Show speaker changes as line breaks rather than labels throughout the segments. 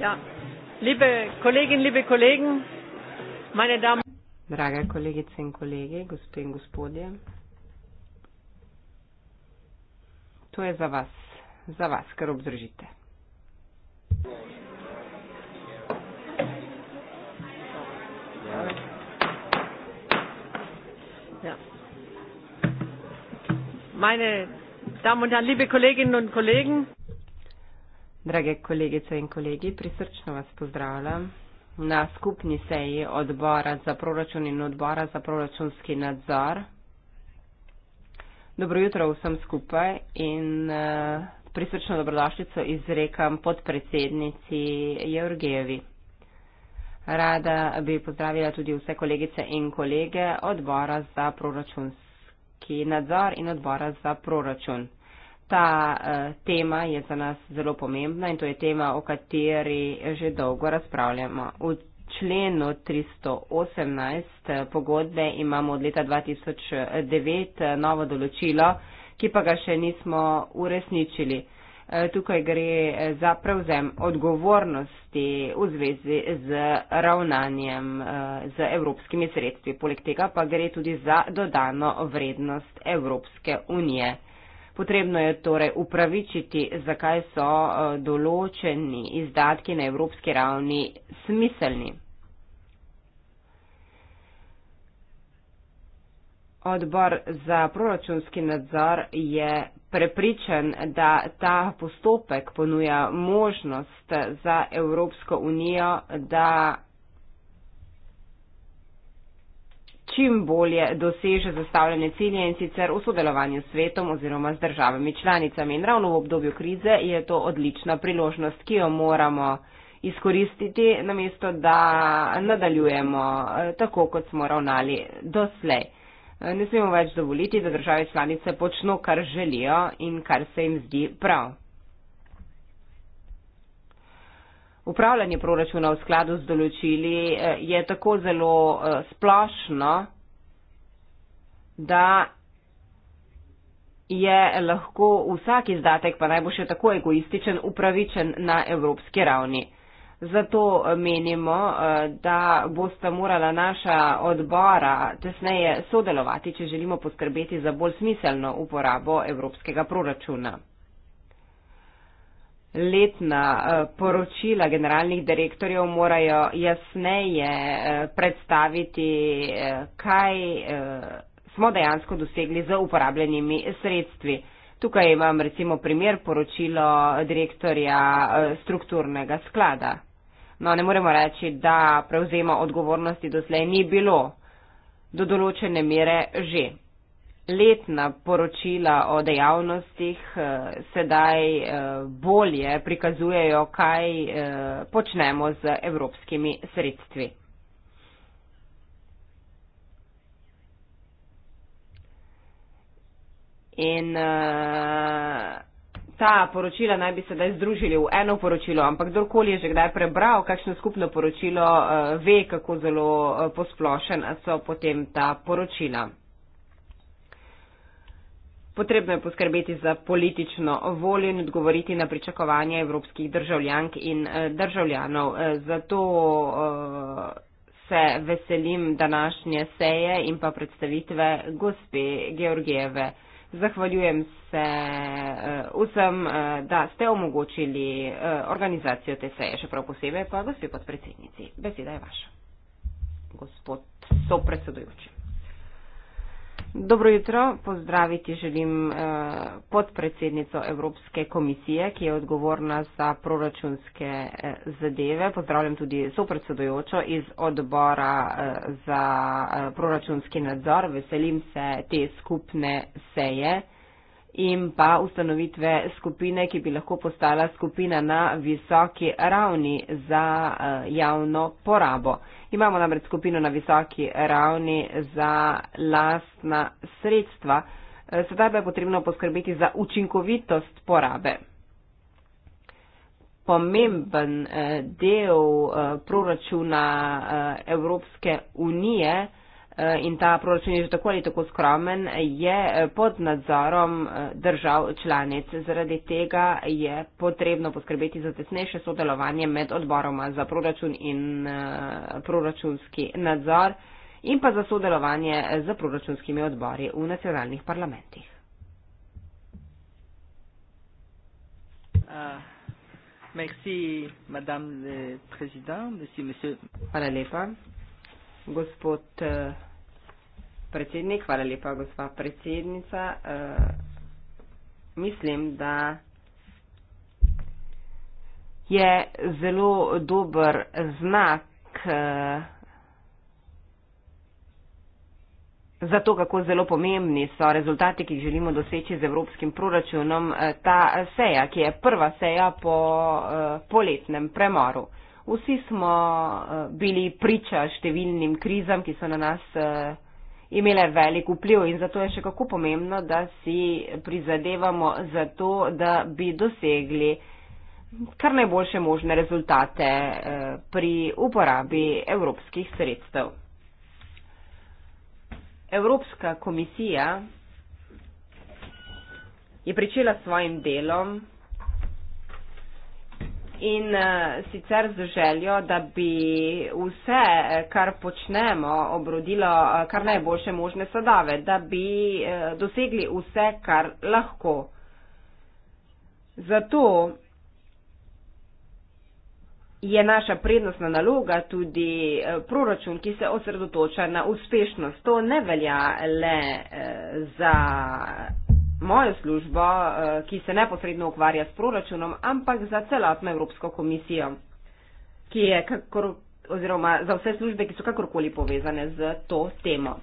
Ja. Liebe Kolleginnen, liebe Kollegen,
meine Damen Drage kolegice in kolegi, gospe in gospodje, to je za vas, za vas, kar obdržite. Ja. Meine Damen und Herren, liebe Kolleginnen und Kollegen, Drage kolegice in kolegi, prisrčno vas pozdravljam. Na skupni seji odbora za proračun in odbora za proračunski nadzor. Dobro jutro vsem skupaj in eh, prisrčno dobrodošljico izrekam podpredsednici Jorgejevi. Rada bi pozdravila tudi vse kolegice in kolege odbora za proračunski nadzor in odbora za proračun ta uh, tema je za nas zelo pomembna in to je tema, o kateri že dolgo razpravljamo. V členu 318 eh, pogodbe imamo od leta 2009 eh, novo določilo, ki pa ga še nismo uresničili. Tukaj gre za prevzem odgovornosti v zvezi z ravnanjem z evropskimi sredstvi. Poleg tega pa gre tudi za dodano vrednost Evropske unije. Potrebno je torej upravičiti, zakaj so eh, določeni izdatki na evropski ravni smiselni. Odbor za proračunski nadzor je prepričan, da ta postopek ponuja možnost za Evropsko unijo, da čim bolje doseže zastavljene cilje in sicer v sodelovanju s svetom oziroma z državami članicami. In ravno v obdobju krize je to odlična priložnost, ki jo moramo izkoristiti, namesto da nadaljujemo eh, tako, kot smo ravnali doslej. Eh, ne smemo več dovoliti, da države članice počno, kar želijo in kar se jim zdi prav. upravljanje proračuna v skladu z določili eh, je tako zelo eh, splošno, da je lahko vsak izdatek, pa naj bo še tako egoističen, upravičen na evropski ravni. Zato eh, menimo, da bosta morala naša odbora tesneje sodelovati, če želimo poskrbeti za bolj smiselno uporabo evropskega proračuna letna eh, poročila generalnih direktorjev morajo jasneje eh, predstaviti, eh, kaj smo dejansko dosegli z uporabljenimi sredstvi. Tukaj imam recimo primer poročilo direktorja strukturnega sklada. No, ne moremo reči, da prevzema odgovornosti doslej ni bilo. Do določene mere že letna poročila o dejavnostih eh, sedaj eh, bolje prikazujejo, kaj eh, počnemo z evropskimi sredstvi. In ta poročila naj bi sedaj združili v eno poročilo, ampak kdorkoli je že kdaj prebral kakšno skupno poročilo, ve, kako zelo posplošena so potem ta poročila. Potrebno je poskrbeti za politično voljo in odgovoriti na pričakovanja evropskih državljank in eh, državljanov. Eh, zato eh, se veselim današnje seje in pa predstavitve gospe Georgijeve. Zahvaljujem se vsem, da ste omogočili organizacijo te seje, še prav posebej pa gospe podpredsednici. Beseda je vaša. Gospod sopredsedujoči. Dobro jutro, pozdraviti želim eh, podpredsednico Evropske komisije, ki je odgovorna za proračunske eh, zadeve. Pozdravljam tudi sopredsedojočo iz odbora eh, za eh, proračunski nadzor. Veselim se te skupne seje in pa ustanovitve skupine, ki bi lahko postala skupina na visoki ravni za eh, javno porabo. Imamo namreč skupino na visoki ravni za lastna sredstva. Eh, sedaj pa je potrebno poskrbeti za učinkovitost porabe. Pomemben eh, del eh, proračuna Evropske unije je, Eh, in ta proračun je že tako ali tako skromen, je eh, pod nadzorom eh, držav članic. Zaradi tega je potrebno poskrbeti za tesnejše sodelovanje med odboroma za proračun in proračunski nadzor in pa za sodelovanje z proračunskimi odbori v nacionalnih parlamentih.
Uh, merci, madame le président, monsieur, monsieur. Hvala lepa.
Gospod eh, predsednik, hvala lepa, gospa predsednica. Eh, mislim, da je zelo dober znak eh, za to, kako zelo pomembni so rezultati, ki jih želimo doseči z evropskim proračunom, ta seja, ki je prva seja po poletnem premoru. Vsi smo eh, bili priča številnim krizam, ki so na nas eh, imele velik vpliv in zato je še kako pomembno, da si prizadevamo za to, da bi dosegli kar najboljše možne rezultate eh, pri uporabi evropskih sredstev. Evropska komisija je pričela s svojim delom in uh, sicer z željo, da bi vse, eh, kar počnemo, obrodilo uh, kar najboljše možne sadave, da bi uh, dosegli vse, kar lahko. Zato je naša prednostna naloga tudi proračun, ki se osredotoča na uspešnost. To ne velja le za mojo službo, eh, ki se neposredno ukvarja s proračunom, ampak za celotno Evropsko komisijo, ki je kakor, oziroma za vse službe, ki so kakorkoli povezane z to temo.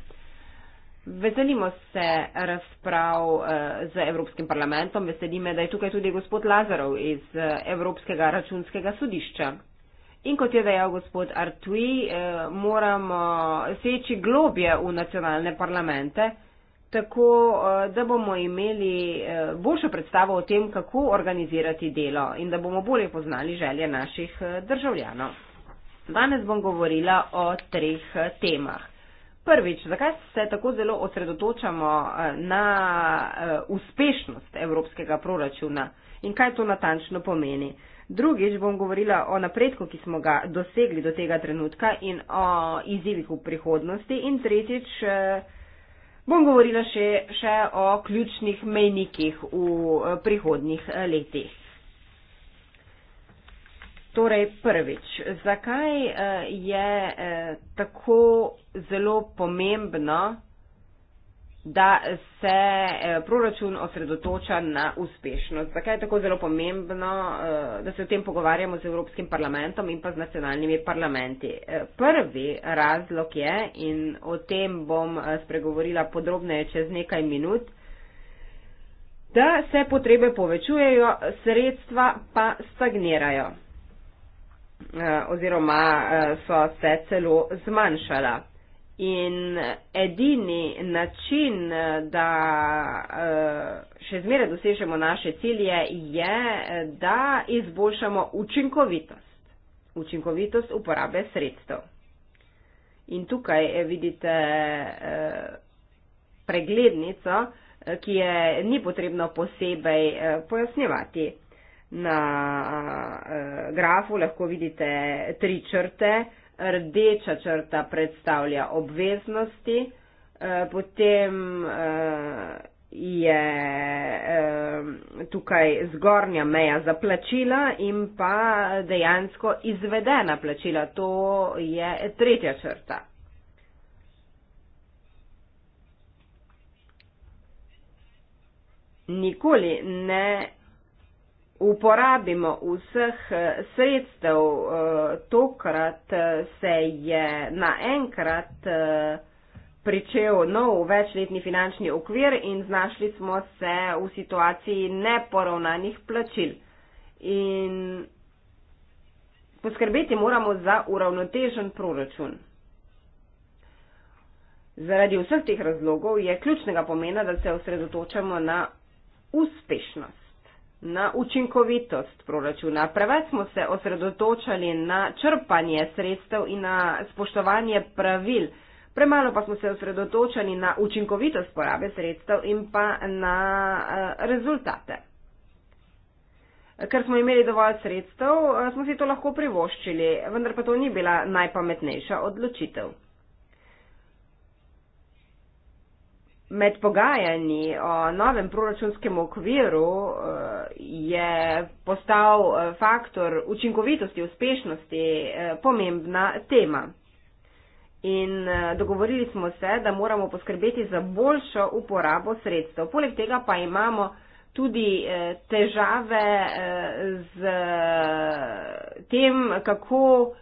Veselimo se razprav eh, z Evropskim parlamentom, veselime, da je tukaj tudi gospod Lazarov iz eh, Evropskega računskega sodišča. In kot je dejal gospod Artui, moramo seči globje v nacionalne parlamente tako eh, da bomo imeli eh, boljšo predstavo o tem, kako organizirati delo in da bomo bolje poznali želje naših eh, državljanov. Danes bom govorila o treh temah. Prvič, zakaj se tako zelo osredotočamo na uspešnost evropskega proračuna in kaj to natančno pomeni. Drugič bom govorila o napredku, ki smo ga dosegli do tega trenutka in o izzivih v prihodnosti. In tretjič, Bom govorila še, še o ključnih mejnikih v eh, prihodnih eh, letih. Torej, prvič, zakaj eh, je tako zelo pomembno da se eh, proračun osredotoča na uspešnost. Zakaj je tako zelo pomembno, eh, da se o tem pogovarjamo z Evropskim parlamentom in pa z nacionalnimi parlamenti? Eh, prvi razlog je, in o tem bom spregovorila podrobneje čez nekaj minut, da se potrebe povečujejo, sredstva pa stagnirajo oziroma so se celo zmanjšala. In edini način, da eh, še zmeraj dosežemo naše cilje, je, da izboljšamo učinkovitost. Učinkovitost uporabe sredstev. In tukaj eh, vidite eh, preglednico, ki je ni potrebno posebej pojasnjevati. Na grafu lahko vidite tri črte, rdeča črta predstavlja obveznosti, eh, potem eh, je eh, tukaj zgornja meja za plačila in pa dejansko izvedena plačila. To je tretja črta. Nikoli ne uporabimo vseh eh, sredstev, eh, tokrat eh, se je naenkrat pričel nov večletni finančni okvir in znašli smo se v situaciji neporavnanih plačil. In poskrbeti moramo za uravnotežen proračun. Zaradi vseh teh razlogov je ključnega pomena, da se osredotočamo na uspešnost. Na učinkovitost proračuna preveč smo se osredotočali na črpanje sredstev in na spoštovanje pravil, premalo pa smo se osredotočali na učinkovitost porabe sredstev in pa na eh, rezultate. Ker smo imeli dovolj sredstev, eh, smo si to lahko privoščili, vendar pa to ni bila najpametnejša odločitev. Med pogajanji o novem proračunskem okviru eh, je postal eh, faktor učinkovitosti, uspešnosti eh, pomembna tema. In dogovorili smo se, da moramo poskrbeti za boljšo uporabo sredstev. Poleg tega pa imamo tudi težave z tem, kako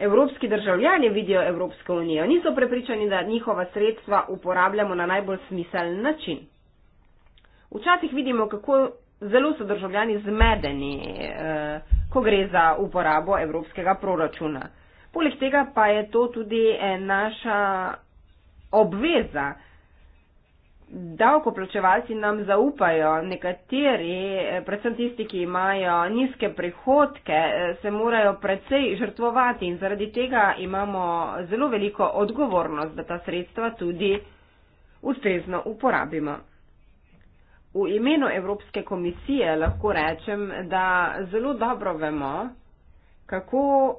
evropski državljani vidijo Evropsko unijo. Niso prepričani, da njihova sredstva uporabljamo na najbolj smiseln način. Včasih vidimo, kako zelo so državljani zmedeni, eh, ko gre za uporabo evropskega proračuna. Poleg tega pa je to tudi eh, naša obveza, davkoplačevalci nam zaupajo, nekateri, eh, predvsem tisti, ki imajo nizke prihodke, eh, se morajo precej žrtvovati in zaradi tega imamo zelo veliko odgovornost, da ta sredstva tudi ustrezno uporabimo. V imenu Evropske komisije lahko rečem, da zelo dobro vemo, kako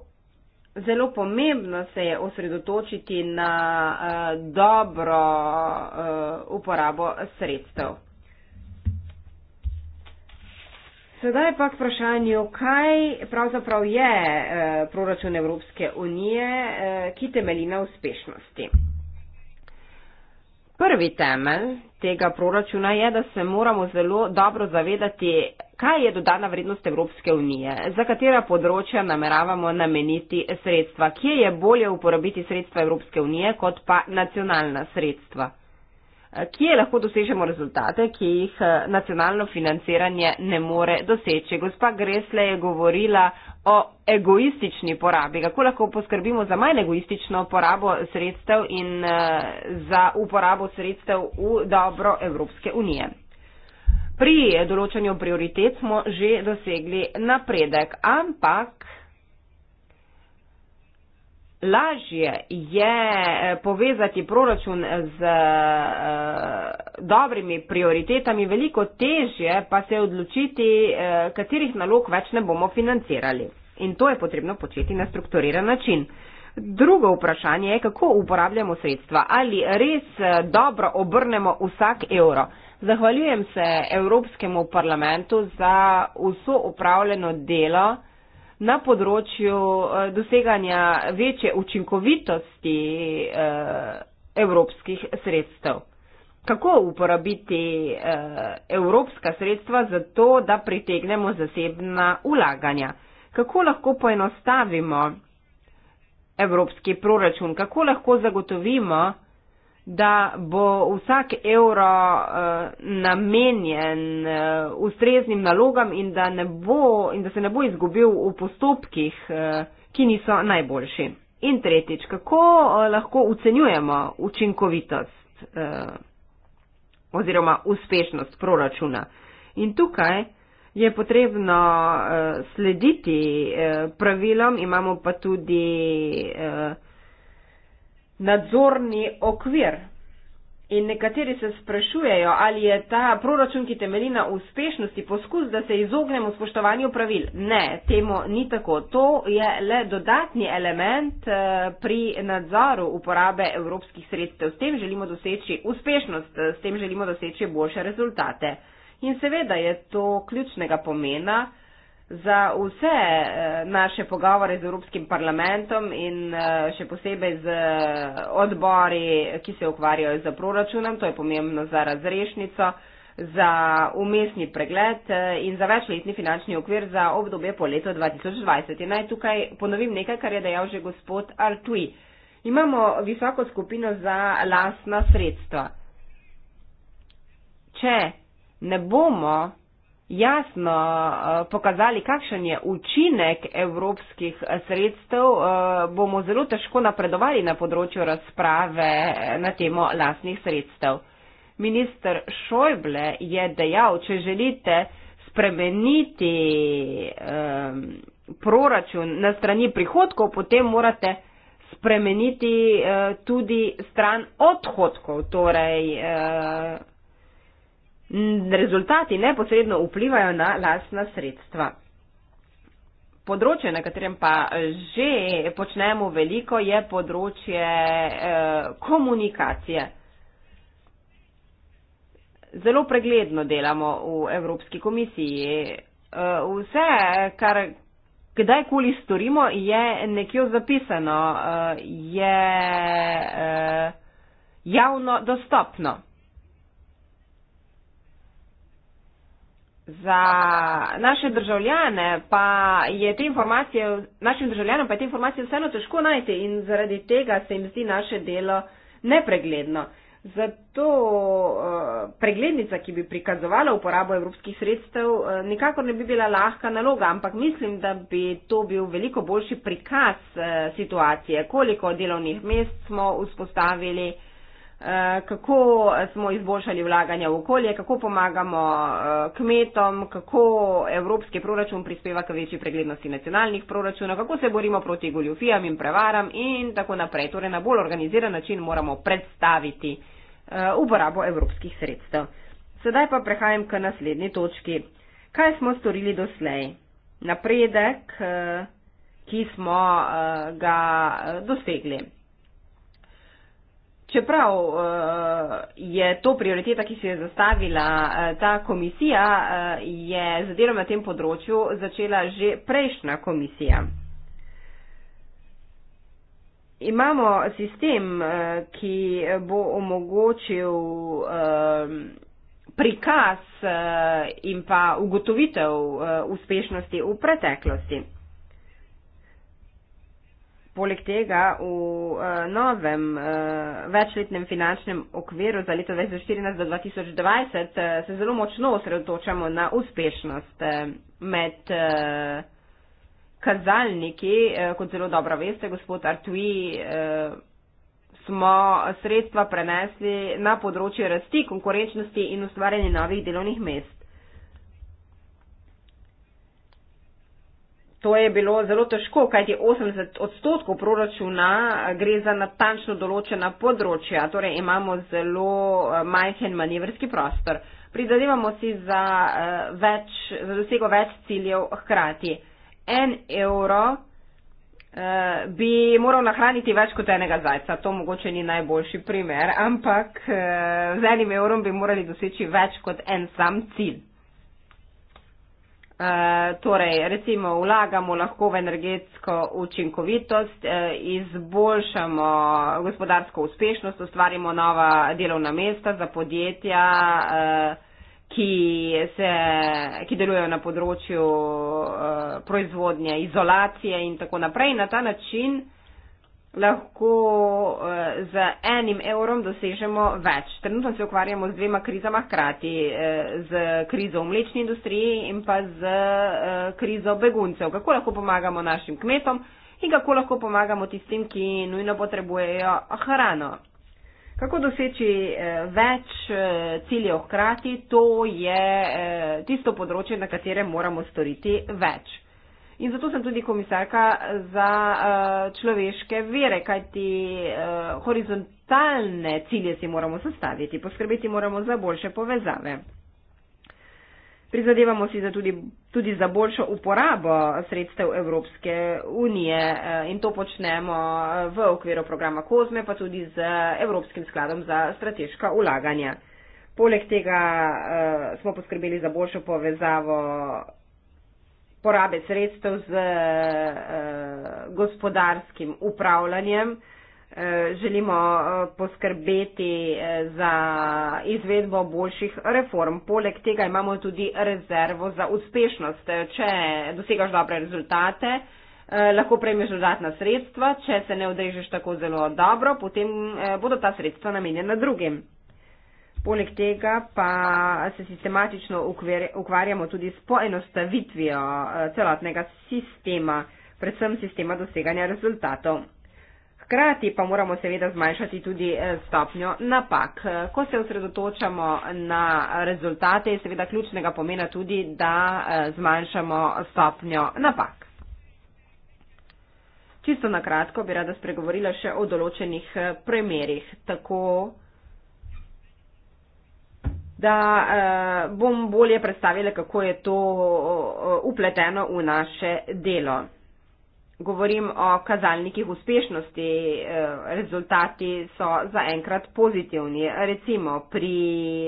zelo pomembno se je osredotočiti na uh, dobro uh, uporabo sredstev. Sedaj pa k vprašanju, kaj pravzaprav je uh, proračun Evropske unije, uh, ki temelji na uspešnosti. Prvi temelj tega proračuna je, da se moramo zelo dobro zavedati, kaj je dodana vrednost Evropske unije, za katera področja nameravamo nameniti sredstva, kje je bolje uporabiti sredstva Evropske unije kot pa nacionalna sredstva, kje lahko dosežemo rezultate, ki jih nacionalno financiranje ne more doseči. Gospa Gresle je govorila o egoistični porabi, kako lahko poskrbimo za manj egoistično porabo sredstev in eh, za uporabo sredstev v dobro Evropske unije. Pri določanju prioritet smo že dosegli napredek, ampak lažje je eh, povezati proračun z uh, dobrimi prioritetami, veliko težje pa se odločiti, uh, katerih nalog več ne bomo financirali. In to je potrebno početi na strukturiran način. Drugo vprašanje je, kako uporabljamo sredstva. Ali res dobro obrnemo vsak evro? Zahvaljujem se Evropskemu parlamentu za vso upravljeno delo na področju eh, doseganja večje učinkovitosti eh, evropskih sredstev. Kako uporabiti eh, evropska sredstva za to, da pritegnemo zasebna ulaganja? Kako lahko poenostavimo evropski proračun? Kako lahko zagotovimo, da bo vsak evro eh, namenjen eh, ustreznim nalogam in da, ne bo, in da se ne bo izgubil v postopkih, eh, ki niso najboljši. In tretjič, kako lahko ocenjujemo učinkovitost oziroma uspešnost proračuna? In tukaj je potrebno slediti pravilom, imamo pa tudi nadzorni okvir. In nekateri se sprašujejo, ali je ta proračun, ki temelji na uspešnosti, poskus, da se izognemo spoštovanju pravil. Ne, temu ni tako. To je le dodatni element eh, pri nadzoru uporabe evropskih sredstev. S tem želimo doseči uspešnost, eh, s tem želimo doseči boljše rezultate. In seveda je to ključnega pomena za vse eh, naše pogovore z Evropskim parlamentom in eh, še posebej z eh, odbori, ki se ukvarjajo z proračunom, to je pomembno za razrešnico, za umestni pregled in za večletni finančni okvir za obdobje po letu 2020. In naj tukaj ponovim nekaj, kar je dejal že gospod Artui. Imamo visoko skupino za lasna sredstva. Če ne bomo jasno eh, pokazali, kakšen je učinek evropskih eh, sredstev, eh, bomo zelo težko napredovali na področju razprave na temo lastnih sredstev. Minister Šojble je dejal, če želite spremeniti um, proračun na strani prihodkov, potem morate spremeniti uh, tudi stran odhodkov, torej uh, rezultati neposredno vplivajo na lastna sredstva. Področje, na katerem pa že počnemo veliko, je področje eh, komunikacije. Zelo pregledno delamo v Evropski komisiji. Eh, vse, kar kdajkoli storimo, je nekjo zapisano, eh, je javno dostopno. Za naše državljane pa je te informacije, našim državljanom pa je te informacije vseeno težko najti in zaradi tega se jim zdi naše delo nepregledno. Zato eh, preglednica, ki bi prikazovala uporabo evropskih sredstev, eh, nikakor ne bi bila lahka naloga, ampak mislim, da bi to bil veliko boljši prikaz eh, situacije, koliko delovnih mest smo vzpostavili. Eh, kako smo izboljšali vlaganje v okolje, kako pomagamo eh, kmetom, kako evropski proračun prispeva k večji preglednosti nacionalnih proračunov, kako se borimo proti goljufijam in prevaram in tako naprej. Torej, na bolj organiziran način moramo predstaviti eh, uporabo evropskih sredstev. Sedaj pa prehajam k naslednji točki. Kaj smo storili doslej? Napredek, ki smo ga dosegli. Čeprav eh, je to prioriteta, ki se je zastavila eh, ta komisija, eh, je zadevo na tem področju začela že prejšnja komisija. Imamo sistem, ki bo omogočil prikaz in pa ugotovitev uspešnosti v preteklosti poleg tega v uh, novem uh, večletnem finančnem okviru za leto 2014 do 2020 uh, eh, se zelo močno osredotočamo na uspešnost uh, med uh, kazalniki. Uh, kot zelo dobro veste, gospod Artui, uh, smo sredstva prenesli na področje rasti, konkurenčnosti in ustvarjanja novih delovnih mest. To je bilo zelo težko, kajti 80 odstotkov proračuna eh, gre za natančno določena področja, torej imamo zelo eh, majhen manevrski prostor. Pridadevamo si za, eh, več, za dosego več ciljev hkrati. En evro bi moral nahraniti več kot enega zajca, to mogoče ni najboljši primer, ampak z enim evrom bi morali doseči več kot en sam cilj. Uh, torej, recimo, vlagamo lahko v energetsko učinkovitost, uh, izboljšamo gospodarsko uspešnost, ustvarimo nova delovna mesta za podjetja, uh, ki, se, ki delujejo na področju uh, proizvodnje, izolacije in tako naprej. Na ta način uh, lahko eh, z enim evrom dosežemo več. Trenutno se ukvarjamo z dvema krizama hkrati, eh, z krizo v mlečni industriji in pa z eh, krizo beguncev. Kako lahko pomagamo našim kmetom in kako lahko pomagamo tistim, ki nujno potrebujejo hrano. Kako doseči več ciljev hkrati, to je tisto področje, na katerem moramo storiti več. In zato sem tudi komisarka za uh, človeške vere, kajti uh, horizontalne cilje si moramo sestaviti, poskrbeti moramo za boljše povezave. Prizadevamo si za tudi, tudi za boljšo uporabo sredstev Evropske unije eh, in to počnemo v okviru programa COSME, pa tudi z Evropskim skladom za strateška ulaganja. Poleg tega smo poskrbeli za boljšo povezavo porabe sredstev z eh, gospodarskim upravljanjem. Eh, želimo eh, poskrbeti za izvedbo boljših reform. Poleg tega imamo tudi rezervo za uspešnost. Če dosegaš dobre rezultate, lahko prejmeš dodatna sredstva. Če se ne odrežeš tako zelo dobro, potem bodo ta sredstva namenjena drugim. Poleg tega pa se sistematično ukvarjamo tudi s poenostavitvijo eh, celotnega sistema, predvsem sistema doseganja rezultatov. Hkrati pa moramo seveda zmanjšati tudi eh, stopnjo napak. Eh, ko se osredotočamo na rezultate, je seveda ključnega pomena tudi, da zmanjšamo stopnjo napak. Čisto na kratko bi rada spregovorila še o določenih primerih. Tako da eh, bom bolje predstavila, kako je to eh, upleteno v naše delo. Govorim o kazalnikih uspešnosti, eh, rezultati so zaenkrat pozitivni. Recimo pri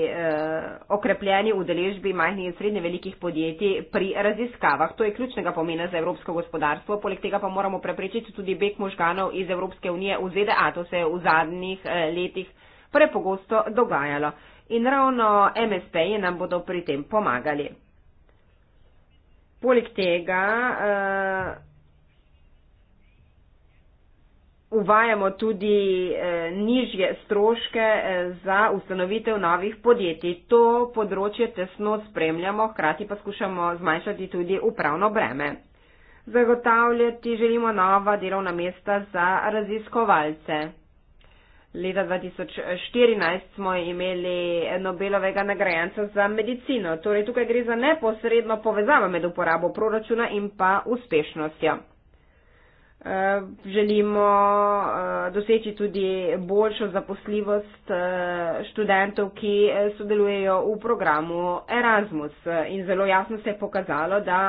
eh, okrepljeni udeležbi majhnih in srednje velikih podjetij pri raziskavah. To je ključnega pomena za evropsko gospodarstvo. Poleg tega pa moramo preprečiti tudi beg možganov iz Evropske unije v ZDA. To se je v zadnjih eh, letih prepogosto dogajalo in ravno MSP je nam bodo pri tem pomagali. Poleg tega uh, uvajamo tudi uh, nižje stroške uh, za ustanovitev novih podjetij. To področje tesno spremljamo, hkrati pa skušamo zmanjšati tudi upravno breme. Zagotavljati želimo nova delovna mesta za raziskovalce. Leta 2014 smo imeli Nobelovega nagrajenca za medicino. Torej tukaj gre za neposredno povezavo med uporabo proračuna in pa uspešnostjo. Eh, želimo eh, doseči tudi boljšo zaposljivost eh, študentov, ki sodelujejo v programu Erasmus. In zelo jasno se je pokazalo, da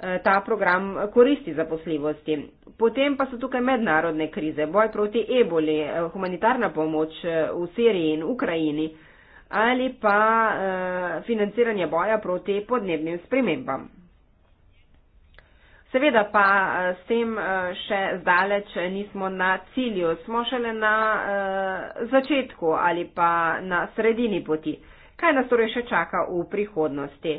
Eh, ta program koristi zaposljivosti. Potem pa so tukaj mednarodne krize, boj proti eboli, eh, humanitarna pomoč eh, v Siriji in Ukrajini ali pa financiranje boja proti podnebnim spremembam. Seveda pa s tem še zdaleč nismo na cilju, smo šele na začetku ali pa na sredini poti. Kaj nas torej še čaka v prihodnosti?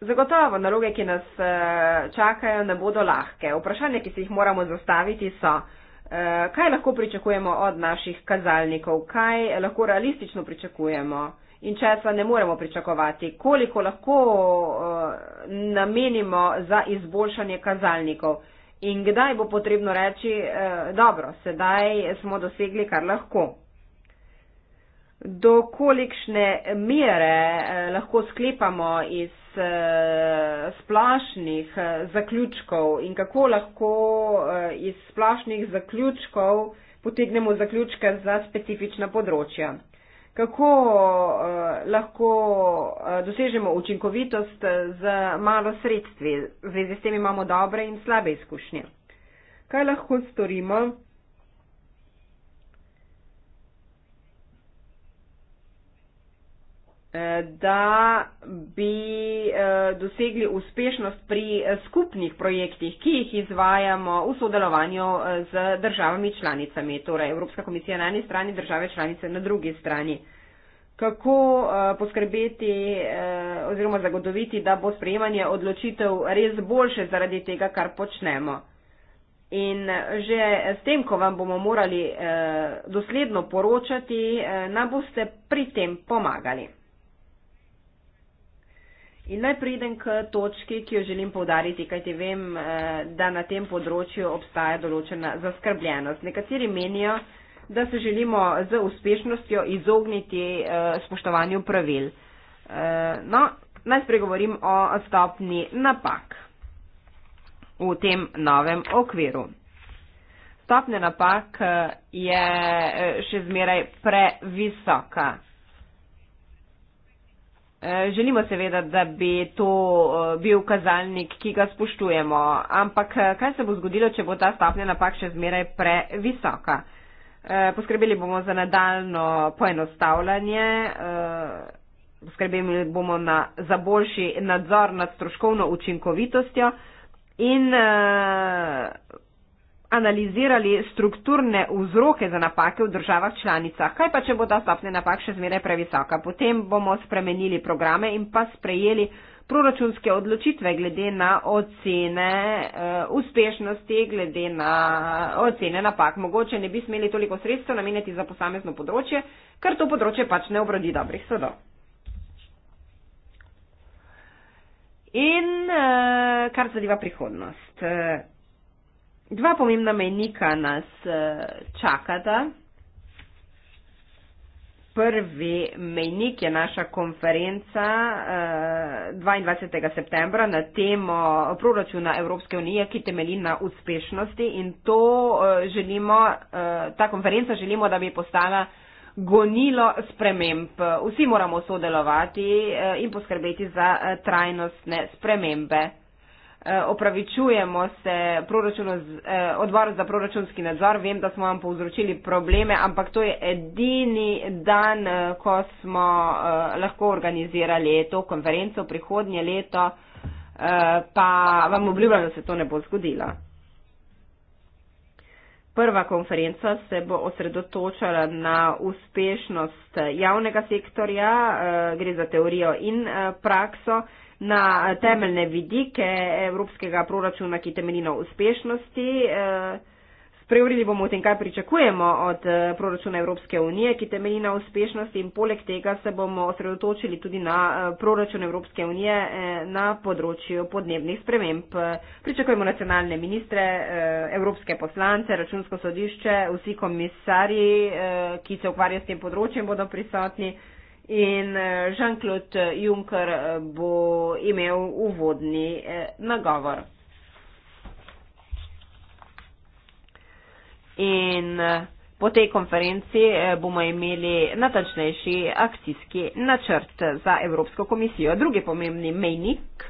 Zagotovo naloge, ki nas eh, čakajo, ne bodo lahke. Vprašanje, ki si jih moramo zastaviti, so, eh, kaj lahko pričakujemo od naših kazalnikov, kaj lahko realistično pričakujemo in česa ne moremo pričakovati, koliko lahko eh, namenimo za izboljšanje kazalnikov in kdaj bo potrebno reči, dobro, sedaj smo dosegli, kar lahko. Do kolikšne mere lahko sklepamo iz Eh, splašnih eh, zaključkov in kako lahko eh, iz splašnih zaključkov potegnemo zaključke za specifična področja. Kako lahko dosežemo učinkovitost z malo sredstvi, v zvezi s tem imamo dobre in slabe izkušnje. Kaj lahko storimo? Eh, da bi eh, dosegli uspešnost pri skupnih projektih, ki jih izvajamo v sodelovanju eh, z državami članicami, torej Evropska komisija na eni strani, države članice na drugi strani. Kako poskrbeti oziroma zagotoviti, da bo sprejemanje odločitev res boljše zaradi tega, kar počnemo. In že s tem, ko vam bomo morali dosledno poročati, nam boste pri tem pomagali. In naj pridem k točki, ki jo želim povdariti, kajti vem, eh, da na tem področju obstaja določena zaskrbljenost. Nekateri menijo, da se želimo z uspešnostjo izogniti eh, spoštovanju pravil. Eh, no, naj spregovorim o stopni napak v tem novem okviru. Stopnja napak je še zmeraj previsoka. Eh, želimo seveda, da bi to eh, bil kazalnik, ki ga spoštujemo, ampak eh, kaj se bo zgodilo, če bo ta stopnja napak še zmeraj previsoka? Poskrbeli bomo za nadaljno poenostavljanje, poskrbeli bomo na, za boljši nadzor nad stroškovno učinkovitostjo in analizirali strukturne vzroke za napake v državah članicah. Kaj pa, če bo ta stopnja napak še zmeraj previsoka? Potem bomo spremenili programe in pa sprejeli proračunske odločitve glede na ocene uh, uspešnosti, glede na ocene napak. Mogoče ne bi smeli toliko sredstva namenjati za posamezno področje, ker to področje pač ne obrodi dobrih sodov. In uh, kar zadeva prihodnost. Uh, Dva pomembna mejnika nas eh, čakata. Prvi mejnik je naša konferenca 22. Eh, septembra na temo proračuna Evropske unije, ki temelji na uspešnosti in to eh, želimo, ta konferenca želimo, da bi postala gonilo sprememb. Vsi moramo sodelovati in poskrbeti za trajnostne spremembe. Eh, opravičujemo se eh, odvaru za proračunski nadzor. Vem, da smo vam povzročili probleme, ampak to je edini dan, eh, ko smo lahko organizirali to konferenco prihodnje leto, pa vam obljubljam, da se to ne bo zgodilo. Prva konferenca se bo osredotočala na uspešnost javnega sektorja, gre za teorijo in prakso na temeljne vidike evropskega proračuna, ki temelji na uspešnosti. E, Spreurili bomo o tem, kaj pričakujemo od e, proračuna Evropske unije, ki temelji na uspešnosti in poleg tega se bomo osredotočili tudi na e, proračun Evropske unije na področju podnebnih sprememb. Pričakujemo nacionalne ministre, evropske poslance, računsko sodišče, vsi komisarji, ki se ukvarjajo s tem področjem, bodo prisotni. In eh, Jean-Claude eh, Juncker eh, bo imel uvodni nagovor. In po tej konferenci bomo imeli natančnejši akcijski načrt za Evropsko komisijo. Drugi pomembni mejnik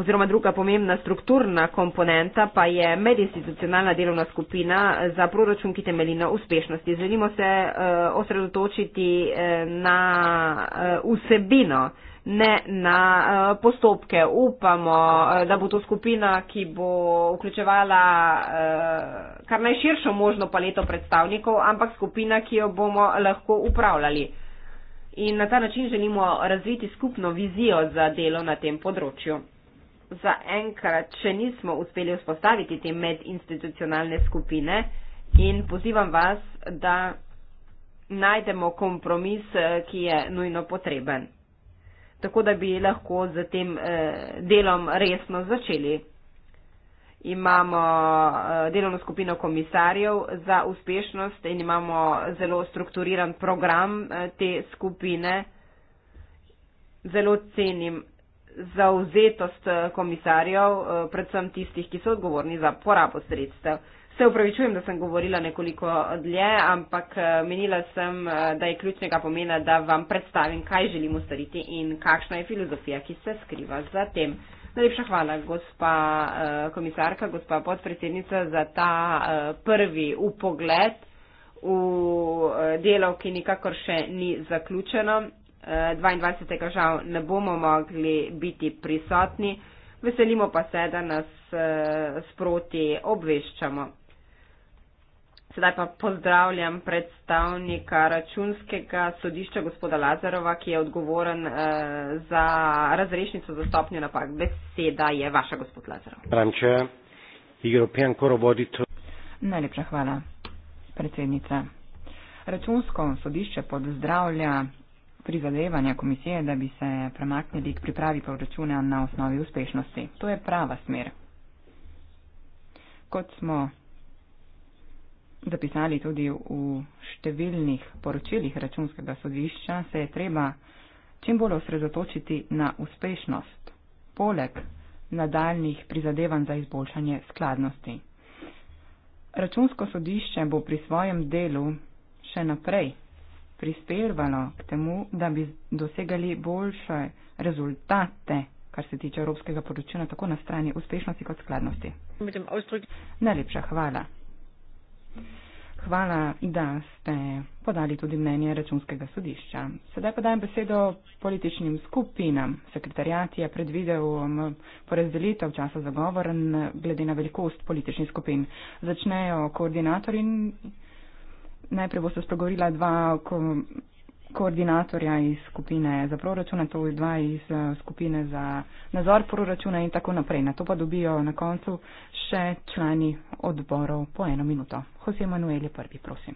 oziroma druga pomembna strukturna komponenta pa je medinstitucionalna delovna skupina za proračun, ki temelji na uspešnosti. Želimo se uh, osredotočiti uh, na uh, vsebino, ne na uh, postopke. Upamo, uh, da bo to skupina, ki bo vključevala uh, kar najširšo možno paleto predstavnikov, ampak skupina, ki jo bomo lahko upravljali. In na ta način želimo razviti skupno vizijo za delo na tem področju za enkrat še nismo uspeli vzpostaviti te medinstitucionalne skupine in pozivam vas, da najdemo kompromis, eh, ki je nujno potreben, tako da bi lahko z tem eh, delom resno začeli. Imamo eh, delovno skupino komisarjev za uspešnost in imamo zelo strukturiran program te skupine. Zelo cenim zauzetost eh, komisarjev, eh, predvsem tistih, ki so odgovorni za porabo sredstev. Se upravičujem, da sem govorila nekoliko dlje, ampak eh, menila sem, da je ključnega pomena, da vam predstavim, kaj želimo storiti in kakšna je filozofija, ki se skriva za tem. Najlepša hvala, gospa komisarka, gospa podpredsednica, za ta prvi upogled v delo, ki nikakor še ni zaključeno 22. žal ne bomo mogli biti prisotni, veselimo pa se, da nas eh, sproti obveščamo. Sedaj pa pozdravljam predstavnika računskega sodišča gospoda Lazarova, ki je odgovoren eh, za razrešnico za stopnjo napak. Beseda je vaša, gospod Lazarov.
Branče, European Koroboditu. Najlepša hvala, predsednica. Računsko sodišče pozdravlja prizadevanja komisije, da bi se premaknili k pripravi proračuna na osnovi uspešnosti. To je prava smer. Kot smo zapisali tudi v številnih poročilih računskega sodišča, se je treba čim bolj osredotočiti na uspešnost, poleg nadaljnih prizadevanj za izboljšanje skladnosti. Računsko sodišče bo pri svojem delu še naprej prispevalo k temu, da bi dosegali boljše rezultate, kar se tiče evropskega poročila, tako na strani uspešnosti kot skladnosti. Najlepša hvala. Hvala, da ste podali tudi mnenje računskega sodišča. Sedaj pa dajem besedo političnim skupinam. Sekretarjat je predvidel um, porazdelitev časa zagovor glede na velikost političnih skupin. Začnejo koordinatorji najprej bo se spregovorila dva ko, koordinatorja iz skupine za proračune, to je dva iz uh, skupine za nazor proračuna in tako naprej. Na to pa dobijo na koncu še člani odborov po eno minuto. Jose Manuel je prvi, prosim.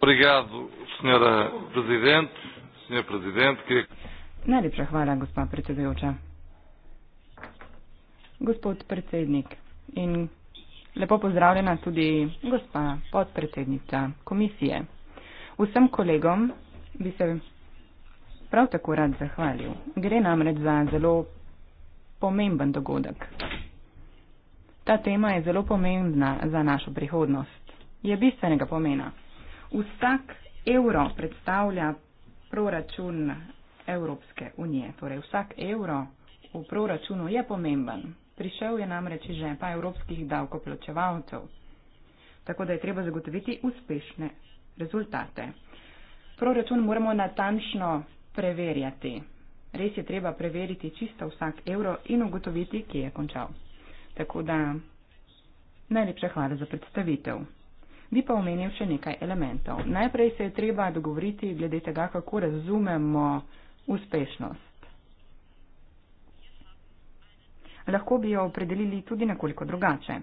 Obrigado, senjora prezident, senjora prezidentke.
Najlepša hvala, gospa predsedujoča. Gospod predsednik in Lepo pozdravljena tudi gospa podpredsednica komisije. Vsem kolegom bi se prav tako rad zahvalil. Gre namreč za zelo pomemben dogodek. Ta tema je zelo pomembna za našo prihodnost. Je bistvenega pomena. Vsak evro predstavlja proračun Evropske unije. Torej vsak evro v proračunu je pomemben prišel je namreč iz žepa evropskih davkoplačevalcev. Tako da je treba zagotoviti uspešne rezultate. Proračun moramo natančno preverjati. Res je treba preveriti čisto vsak evro in ugotoviti, kje je končal. Tako da najlepša hvala za predstavitev. Bi pa omenil še nekaj elementov. Najprej se je treba dogovoriti glede tega, kako razumemo uspešnost. lahko bi jo opredelili tudi nekoliko drugače.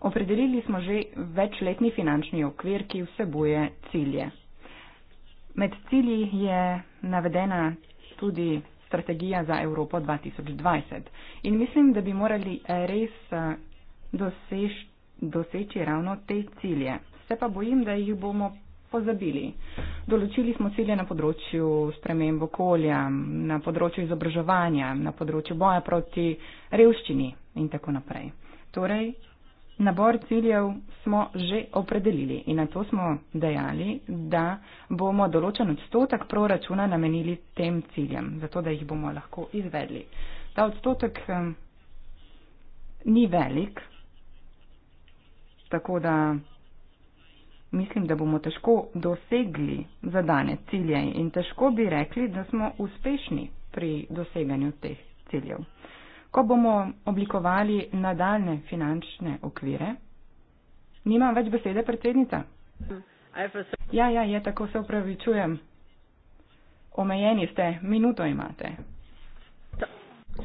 Opredelili smo že večletni finančni okvir, ki vsebuje cilje. Med cilji je navedena tudi strategija za Evropo 2020 in mislim, da bi morali res eh, doseč, doseči ravno te cilje. Se pa bojim, da jih bomo pozabili. Določili smo cilje na področju sprememb okolja, na področju izobraževanja, na področju boja proti revščini in tako naprej. Torej, nabor ciljev smo že opredelili in na to smo dejali, da bomo določen odstotek proračuna namenili tem ciljem, zato da jih bomo lahko izvedli. Ta odstotek ni velik, tako da mislim, da bomo težko dosegli zadane cilje in težko bi rekli, da smo uspešni pri doseganju teh ciljev. Ko bomo oblikovali nadaljne finančne okvire, nimam več besede, predsednica. Ja, ja, je ja, tako, se upravičujem. Omejeni ste, minuto imate.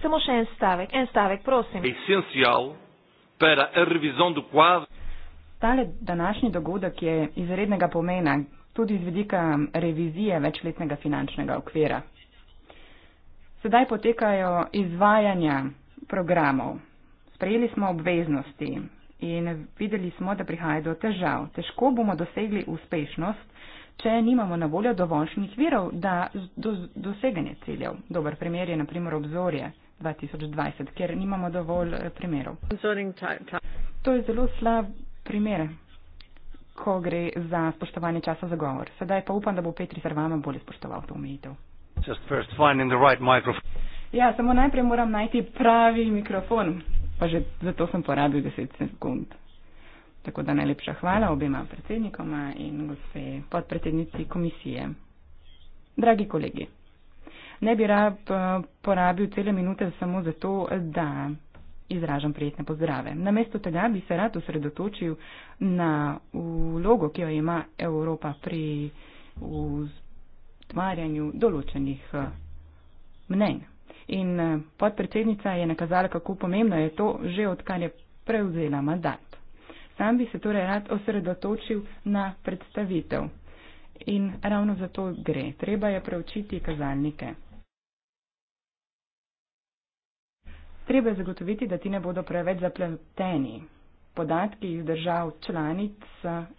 Samo še en stavek, en stavek, prosim.
Esencial para a revisão do quadro
predstavlja današnji dogodek, ki je izrednega pomena tudi z vidika revizije večletnega finančnega okvira. Sedaj potekajo izvajanja programov. Sprejeli smo obveznosti in videli smo, da prihaja do težav. Težko bomo dosegli uspešnost, če nimamo na voljo dovoljšnjih virov, da do, doseganje ciljev. Dober primer je naprimer obzorje 2020, ker nimamo dovolj eh, primerov. To je zelo slab primer, ko gre za spoštovanje časa za govor. Sedaj pa upam, da bo Petri Zervama bolje spoštoval to omejitev. Right ja, samo najprej moram najti pravi mikrofon, pa že zato sem porabil 10 sekund. Tako da najlepša hvala obema predsednikoma in gospe podpredsednici komisije. Dragi kolegi, ne bi rad eh, porabil cele minute samo zato, da izražam prijetne pozdrave. Namesto tega bi se rad osredotočil na vlogo, ki jo ima Evropa pri ustvarjanju določenih eh, mnenj. In eh, podpredsednica je nakazala, kako pomembno je to, že odkar je prevzela mandat. Sam bi se torej rad osredotočil na predstavitev. In ravno za to gre. Treba je preučiti kazalnike. Treba je zagotoviti, da ti ne bodo preveč zapleteni. Podatki iz držav članic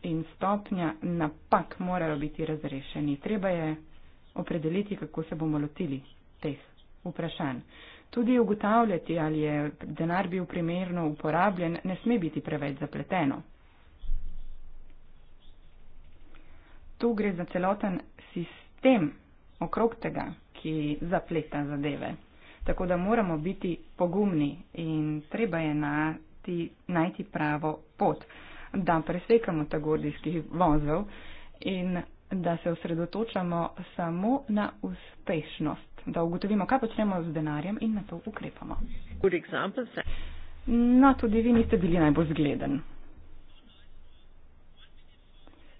in stopnja napak morajo biti razrešeni. Treba je opredeliti, kako se bomo lotili teh vprašanj. Tudi ugotavljati, ali je denar bil primerno uporabljen, ne sme biti preveč zapleteno. Tu gre za celoten sistem okrog tega, ki zapleta zadeve. Tako da moramo biti pogumni in treba je nati, najti pravo pot, da presekamo ta gordijski vozel in da se osredotočamo samo na uspešnost, da ugotovimo, kaj počnemo z denarjem in na to ukrepamo. No, tudi vi niste bili najbolj zgleden.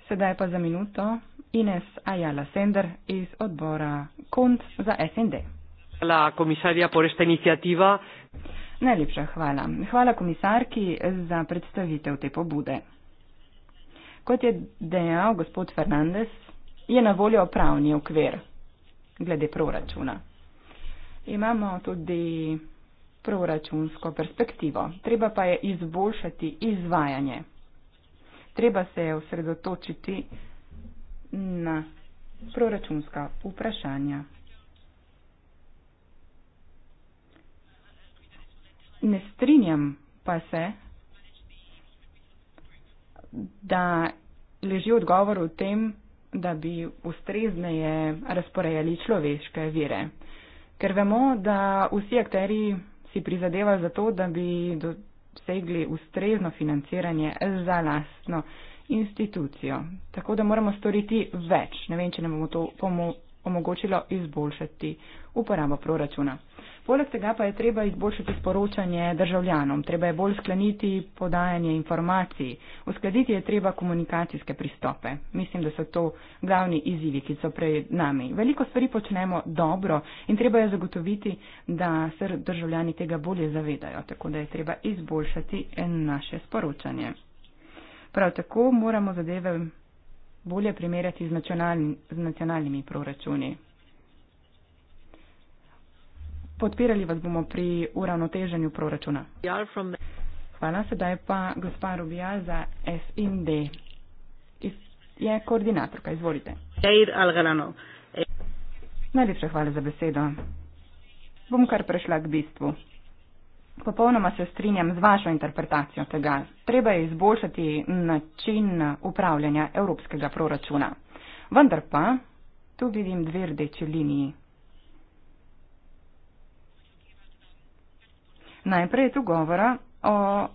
Sedaj pa za minuto Ines Ayala Sender iz odbora KUNT za SND. Hvala komisarja por esta iniciativa. Najlepša hvala. Hvala komisarki za predstavitev te pobude. Kot je dejal gospod Fernandez, je na voljo pravni okvir glede proračuna. Imamo tudi proračunsko perspektivo. Treba pa je izboljšati izvajanje. Treba se je osredotočiti na proračunska vprašanja. ne strinjam pa se, da leži odgovor v tem, da bi ustrezneje razporejali človeške vire. Ker vemo, da vsi akteri si prizadevajo za to, da bi dosegli ustrezno financiranje za lastno institucijo. Tako da moramo storiti več. Ne vem, če nam bomo to pomo omogočilo izboljšati uporabo proračuna. Poleg tega pa je treba izboljšati sporočanje državljanom, treba je bolj skleniti podajanje informacij, uskladiti je treba komunikacijske pristope. Mislim, da so to glavni izzivi, ki so pred nami. Veliko stvari počnemo dobro in treba je zagotoviti, da se državljani tega bolje zavedajo, tako da je treba izboljšati naše sporočanje. Prav tako moramo zadeve bolje primerjati z, nacionalni, z nacionalnimi proračuni. Podpirali vas bomo pri uravnoteženju proračuna. Hvala sedaj pa gospa Rubija za SND. Je koordinatorka, izvolite. Najlepša hvala za besedo. Bom kar prešla k bistvu. Popolnoma se strinjam z vašo interpretacijo tega. Treba je izboljšati način upravljanja evropskega proračuna. Vendar pa tu vidim dve rdeči liniji. Najprej je tu govora o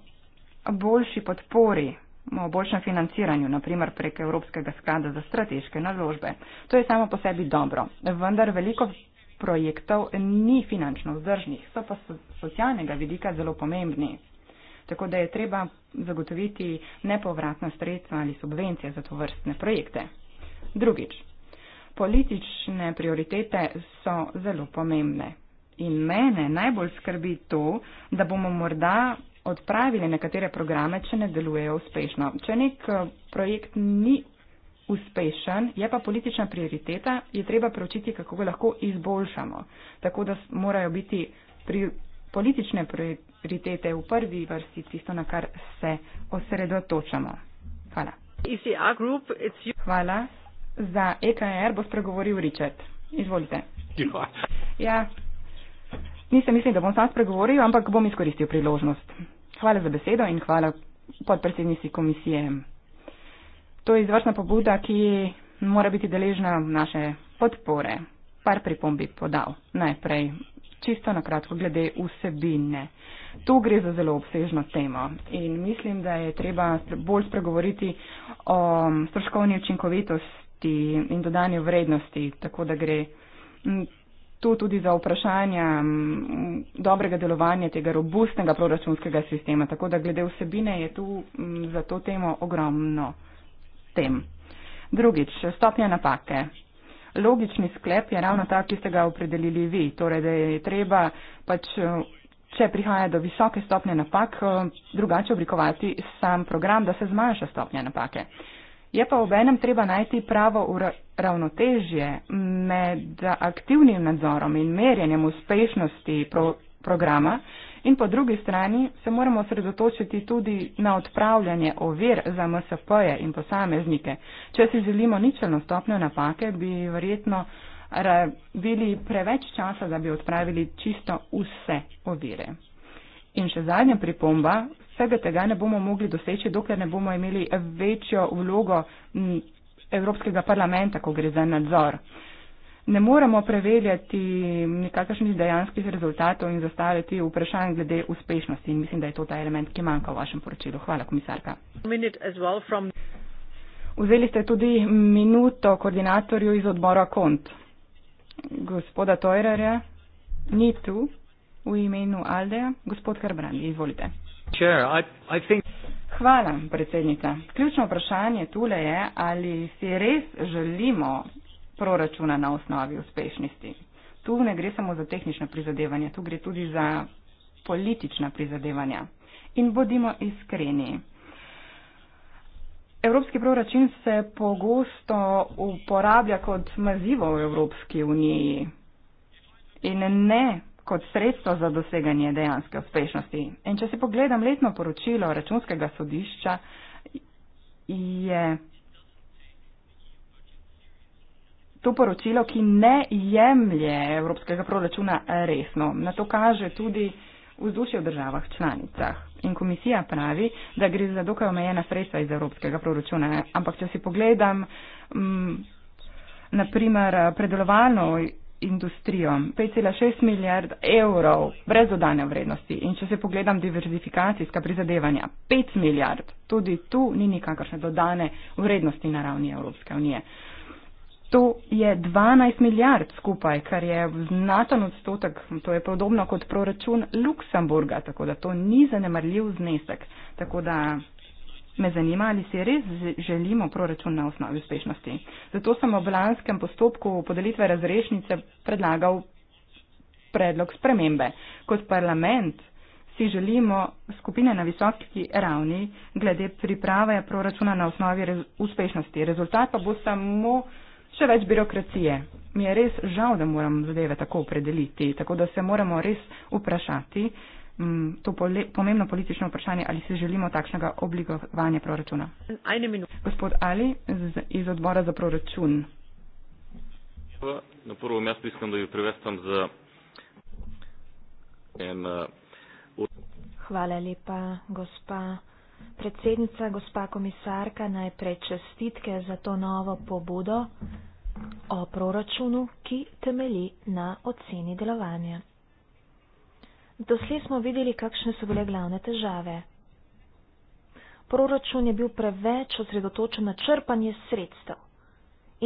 boljši podpori, o boljšem financiranju, naprimer prek Evropskega sklada za strateške naložbe. To je samo po sebi dobro, vendar veliko projektov ni finančno vzdržnih, so pa socialnega vidika zelo pomembni. Tako da je treba zagotoviti nepovratna sredstva ali subvencije za to vrstne projekte. Drugič, politične prioritete so zelo pomembne. In mene najbolj skrbi to, da bomo morda odpravili nekatere programe, če ne delujejo uspešno. Če nek eh, projekt ni uspešen, je pa politična prioriteta, je treba preučiti, kako ga lahko izboljšamo. Tako da morajo biti pri politične prioritete v prvi vrsti tisto, na kar se osredotočamo. Hvala. E Group, Hvala. Za EKR bo spregovoril Richard. Izvolite. Ja. ja. Nisem mislil, da bom sam spregovoril, ampak bom izkoristil priložnost. Hvala za besedo in hvala podpredsednici komisije To je izvrstna pobuda, ki mora biti deležna naše podpore. Par pripomb bi podal. Najprej, čisto na kratko, glede vsebine. Tu gre za zelo obsežno temo in mislim, da je treba bolj spregovoriti o stroškovni učinkovitosti in dodanju vrednosti, tako da gre tu tudi za vprašanja dobrega delovanja tega robustnega proračunskega sistema. Tako da glede vsebine je tu za to temo ogromno tem. Drugič, stopnje napake. Logični sklep je ravno ta, ki ste ga opredelili vi, torej da je treba pač, če prihaja do visoke stopnje napak, drugače oblikovati sam program, da se zmanjša stopnje napake. Je pa obenem treba najti pravo ravnotežje med aktivnim nadzorom in merjenjem uspešnosti pro programa. In po drugi strani se moramo sredotočiti tudi na odpravljanje ovir za MSP-je in posameznike. Če si želimo ničelno stopnjo napake, bi verjetno bili preveč časa, da bi odpravili čisto vse ovire. In še zadnja pripomba, vsega tega ne bomo mogli doseči, dokler ne bomo imeli večjo vlogo Evropskega parlamenta, ko gre za nadzor ne moremo preverjati nikakršnih dejanskih rezultatov in zastaviti vprašanj glede uspešnosti. In mislim, da je to ta element, ki manjka v vašem poročilu. Hvala, komisarka. Vzeli ste tudi minuto koordinatorju iz odbora KONT. Gospoda Tojrarja ni tu v imenu Aldeja. Gospod Herbrand, izvolite. Sure, I, I think... Hvala, predsednica. Ključno vprašanje tule je, ali si res želimo proračuna na osnovi uspešnosti. Tu ne gre samo za tehnična prizadevanja, tu gre tudi za politična prizadevanja. In bodimo iskreni. Evropski proračun se pogosto uporablja kot mazivo v Evropski uniji in ne kot sredstvo za doseganje dejanske uspešnosti. In če se pogledam letno poročilo računskega sodišča, je to poročilo, ki ne jemlje evropskega proračuna resno. Na to kaže tudi vzdušje v državah članicah. In komisija pravi, da gre za dokaj omejena sredstva iz evropskega proračuna. Ampak če si pogledam m, mm, naprimer predelovalno industrijo, 5,6 milijard evrov brez dodane vrednosti in če si pogledam diverzifikacijska prizadevanja, 5 milijard, tudi tu ni nikakršne dodane vrednosti na ravni Evropske unije. To je 12 milijard skupaj, kar je znaten odstotek, to je podobno kot proračun Luksemburga, tako da to ni zanemrljiv znesek. Tako da me zanima, ali si res želimo proračun na osnovi uspešnosti. Zato sem v lanskem postopku podelitve razrešnice predlagal predlog spremembe. Kot parlament si želimo skupine na visoki ravni glede priprave proračuna na osnovi rez uspešnosti. Rezultat pa bo samo. Še več birokracije. Mi je res žal, da moram zadeve tako opredeliti, tako da se moramo res vprašati m, mm, to pole, pomembno politično vprašanje, ali se želimo takšnega oblikovanja proračuna. Gospod Ali z, iz odbora za proračun.
Na prvo mesto mislim, da jo privestam za en. Uh,
Hvala lepa, gospa. Predsednica, gospa komisarka, najprej čestitke za to novo pobudo o proračunu, ki temeli na oceni delovanja. Doslej smo videli, kakšne so bile glavne težave. Proračun je bil preveč osredotočen na črpanje sredstev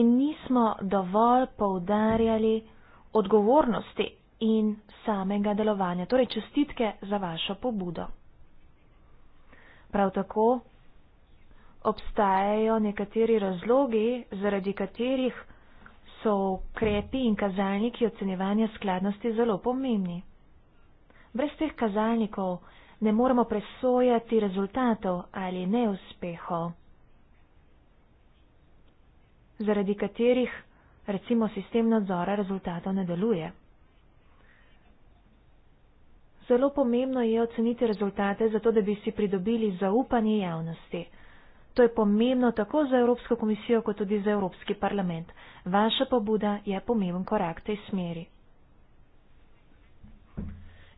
in nismo dovolj poudarjali odgovornosti in samega delovanja. Torej, čestitke za vašo pobudo. Prav tako obstajajo nekateri razlogi, zaradi katerih so ukrepi in kazalniki ocenjevanja skladnosti zelo pomembni. Brez teh kazalnikov ne moremo presojati rezultatov ali neuspehov, zaradi katerih recimo sistem nadzora rezultatov ne deluje. Zelo pomembno je oceniti rezultate, zato da bi si pridobili zaupanje javnosti. To je pomembno tako za Evropsko komisijo, kot tudi za Evropski parlament. Vaša pobuda je pomemben korak tej smeri.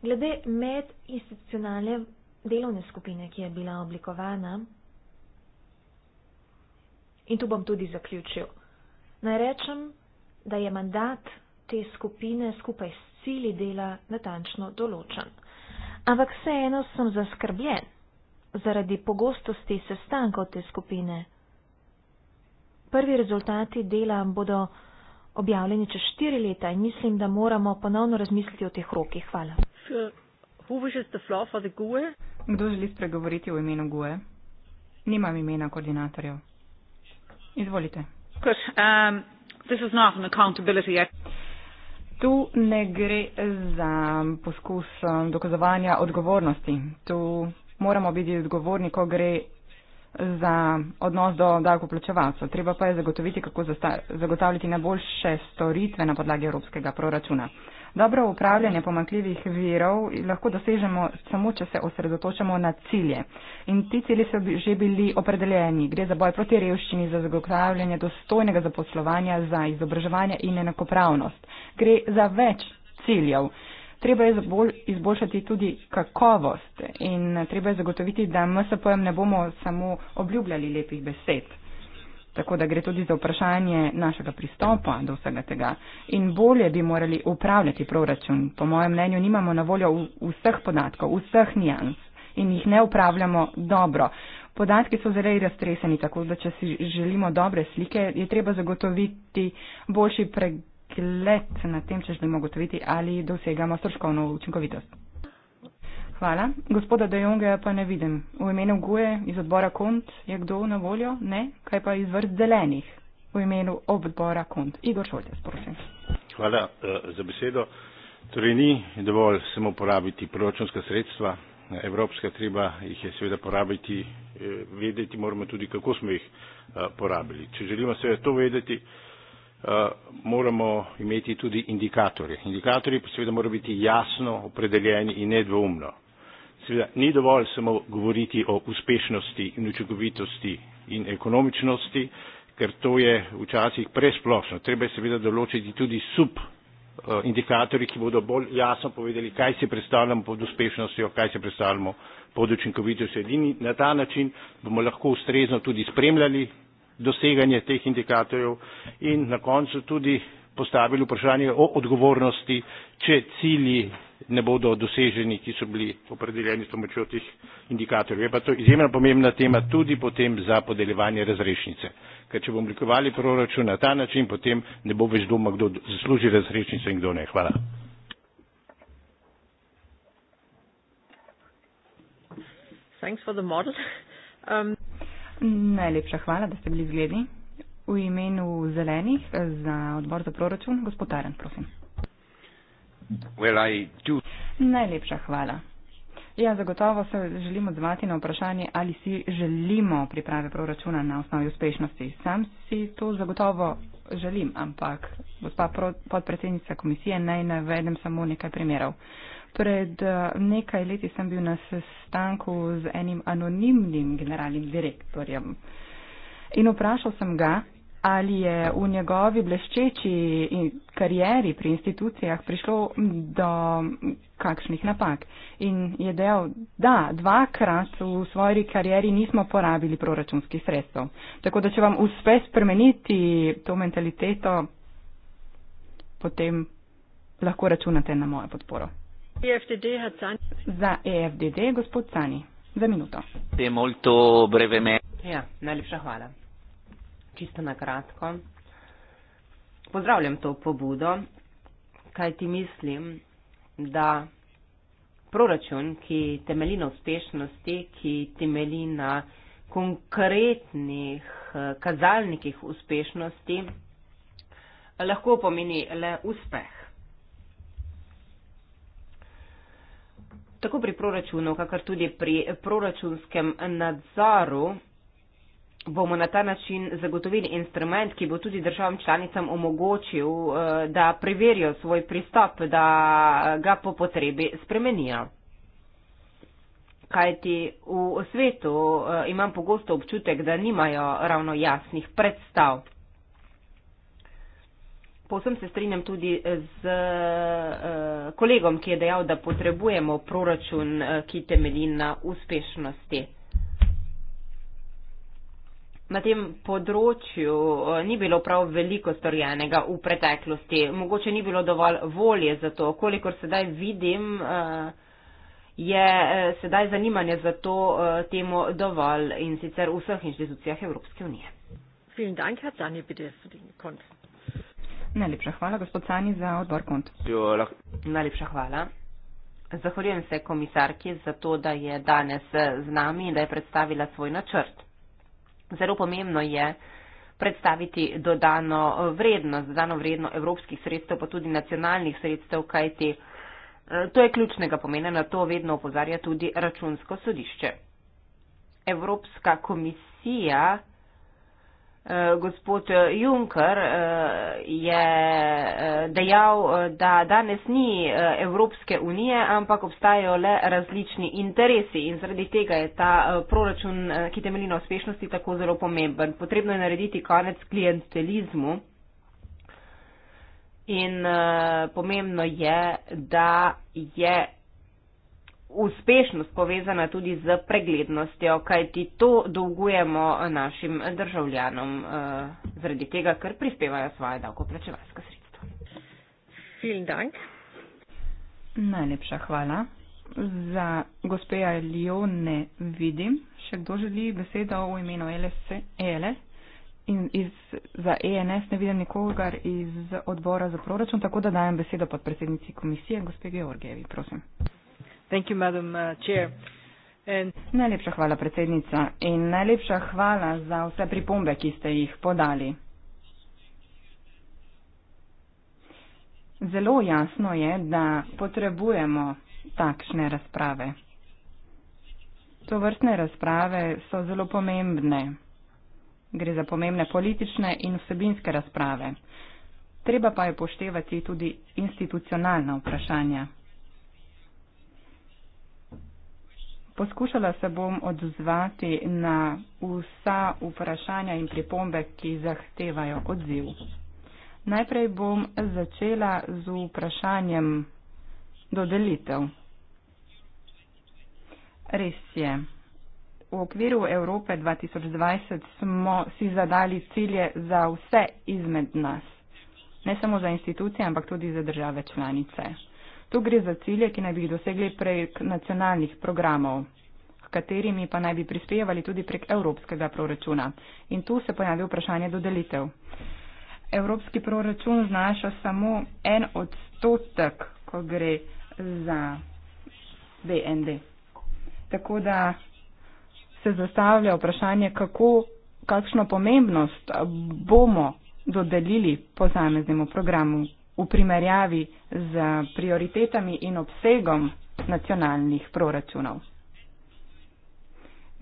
Glede medinstitucionalne delovne skupine, ki je bila oblikovana, in tu bom tudi zaključil, naj rečem, da je mandat te skupine skupaj s cilji dela natančno določen. Ampak vseeno sem zaskrbljen zaradi pogostosti sestankov te skupine. Prvi rezultati dela bodo objavljeni čez štiri leta in mislim, da moramo ponovno razmisliti o teh rokih. Hvala.
Kdo želi spregovoriti v imenu GUE? Nimam imena koordinatorjev. Izvolite. Um, tu ne gre za poskus eh, dokazovanja odgovornosti. Tu moramo biti odgovorni, ko gre za odnos do davkoplačevalcev. Treba pa je zagotoviti, kako zagotavljati najboljše storitve na podlagi evropskega proračuna. Dobro upravljanje pomankljivih virov lahko dosežemo samo, če se osredotočamo na cilje. In ti cilji so že bili opredeljeni. Gre za boj proti revščini, za zagotavljanje dostojnega zaposlovanja, za izobraževanje in enakopravnost. Gre za več ciljev. Treba je izboljšati tudi kakovost in treba je zagotoviti, da MSP-jem ne bomo samo obljubljali lepih besed. Tako da gre tudi za vprašanje našega pristopa do vsega tega. In bolje bi morali upravljati proračun. Po mojem mnenju nimamo na voljo vseh podatkov, vseh nijans in jih ne upravljamo dobro. Podatki so zelo raztreseni, tako da če si želimo dobre slike, je treba zagotoviti boljši pregled nad tem, če želimo gotoviti, ali dosegamo stroškovno učinkovitost. Hvala. Gospoda Dejonga pa ne vidim. V imenu Guje iz odbora Kont je kdo na voljo? Ne. Kaj pa iz vrst zelenih? V imenu odbora Kont. Igor Šoljec, prosim.
Hvala uh, za besedo. Torej ni dovolj samo porabiti proračunska sredstva, evropska treba jih je seveda porabiti, e, vedeti moramo tudi, kako smo jih e, porabili. Če želimo seveda to vedeti, e, moramo imeti tudi indikatorje. Indikatorji pa seveda morajo biti jasno opredeljeni in nedvoumno seveda ni dovolj samo govoriti o uspešnosti in učinkovitosti in ekonomičnosti, ker to je včasih presplošno. Treba je seveda določiti tudi sub eh, indikatorji, ki bodo bolj jasno povedali, kaj si predstavljamo pod uspešnostjo, kaj si predstavljamo pod učinkovitostjo. Edini na ta način bomo lahko ustrezno tudi spremljali doseganje teh indikatorjev in na koncu tudi postavili vprašanje o odgovornosti, če cilji ne bodo doseženi, ki so bili opredeljeni s pomočjo teh indikatorjev. Je pa to izjemno pomembna tema tudi potem za podeljevanje razrešnice. Ker če bomo oblikovali proračun na ta način, potem ne bo več doma, kdo zasluži razrešnico in kdo ne. Hvala.
Um,
Najlepša hvala, da ste bili zgledni. V imenu zelenih za odbor za proračun, gospod Taren, prosim. Well, Najlepša hvala. Ja, zagotovo se želim odzvati na vprašanje, ali si želimo priprave proračuna na osnovi uspešnosti. Sam si to zagotovo želim, ampak gospa podpredsednica komisije naj navedem samo nekaj primerov. Pred eh, nekaj leti sem bil na sestanku z enim anonimnim generalnim direktorjem in vprašal sem ga, ali je v njegovi bleščeči karieri pri institucijah prišlo do kakšnih napak. In je dejal, da dvakrat v svoji karieri nismo porabili proračunskih sredstev. Tako da, če vam uspe spremeniti to mentaliteto, potem lahko računate na mojo podporo. EFDD, za EFDD, gospod Cani, za minuto. Ja, najlepša hvala čisto na kratko.
Pozdravljam to pobudo, kaj ti mislim, da proračun, ki temelji na uspešnosti, ki temelji na konkretnih eh, kazalnikih uspešnosti, lahko pomeni le uspeh. Tako pri proračunu, kakor tudi pri proračunskem nadzoru bomo na ta način zagotovili instrument, ki bo tudi državam članicam omogočil, eh, da preverijo svoj pristop, da ga po potrebi spremenijo. Kajti v svetu eh, imam pogosto občutek, da nimajo ravno jasnih predstav. Povsem se strinjam tudi z eh, kolegom, ki je dejal, da potrebujemo proračun, ki temelji na uspešnosti. Na tem področju eh, ni bilo prav veliko storjenega v preteklosti. Mogoče ni bilo dovolj volje za to. Kolikor sedaj vidim, eh, je eh, sedaj zanimanje za to temo dovolj in sicer v vseh inštitucijah Evropske unije.
Najlepša hvala, gospod Sani, za odbor kont.
Najlepša hvala. Zahvaljujem se komisarki za to, da je danes z nami in da je predstavila svoj načrt. Zelo pomembno je predstaviti dodano vrednost, dodano vredno evropskih sredstev, pa tudi nacionalnih sredstev, kajti eh, to je ključnega pomena, na to vedno opozarja tudi računsko sodišče. Evropska komisija Eh, gospod Juncker eh, je eh, dejal, da danes ni Evropske unije, ampak obstajajo le različni interesi in zaradi tega je ta proračun, ki temelji na uspešnosti, tako zelo pomemben. Potrebno je narediti konec klientelizmu in pomembno je, da je uspešnost povezana tudi z preglednostjo, kajti to dolgujemo našim državljanom eh, zaradi tega, ker prispevajo svoje davkoplačevalske
sredstva. Vielen Dank. Najlepša hvala. Za gospeja Lijo ne vidim. Še kdo želi besedo v imenu LSC? ELE? In iz, za ENS ne vidim nikogar iz odbora za proračun, tako da dajem besedo podpredsednici komisije, gospe Georgijevi, prosim. Thank you, madam, uh, chair. And... Najlepša hvala, predsednica, in najlepša hvala za vse pripombe, ki ste jih podali. Zelo jasno je, da potrebujemo takšne razprave. To vrstne razprave so zelo pomembne. Gre za pomembne politične in vsebinske razprave. Treba pa je poštevati tudi institucionalna vprašanja. Poskušala se bom odzvati na vsa vprašanja in pripombe, ki zahtevajo odziv. Najprej bom začela z vprašanjem dodelitev. Res je. V okviru Evrope 2020 smo si zadali cilje za vse izmed nas. Ne samo za institucije, ampak tudi za države članice. Tu gre za cilje, ki naj bi jih dosegli prek nacionalnih programov, h katerimi pa naj bi prispevali tudi prek evropskega proračuna. In tu se pojavi vprašanje dodelitev. Evropski proračun znaša samo en odstotek, ko gre za BND. Tako da se zastavlja vprašanje, kako, kakšno pomembnost bomo dodelili posameznemu programu, v primerjavi z prioritetami in obsegom nacionalnih proračunov.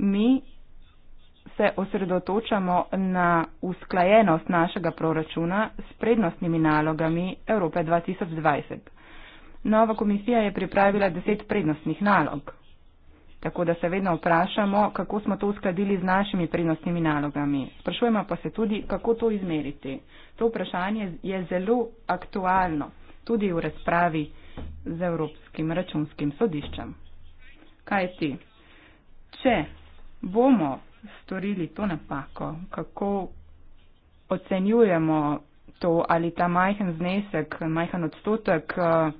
Mi se osredotočamo na usklajenost našega proračuna s prednostnimi nalogami Evrope 2020. Nova komisija je pripravila deset prednostnih nalog, Tako da se vedno vprašamo, kako smo to uskladili z našimi prinosnimi nalogami. Sprašujemo pa se tudi, kako to izmeriti. To vprašanje je zelo aktualno tudi v razpravi z Evropskim računskim sodiščem. Kaj ti? Če bomo storili to napako, kako ocenjujemo to ali ta majhen znesek, majhen odstotek, uh,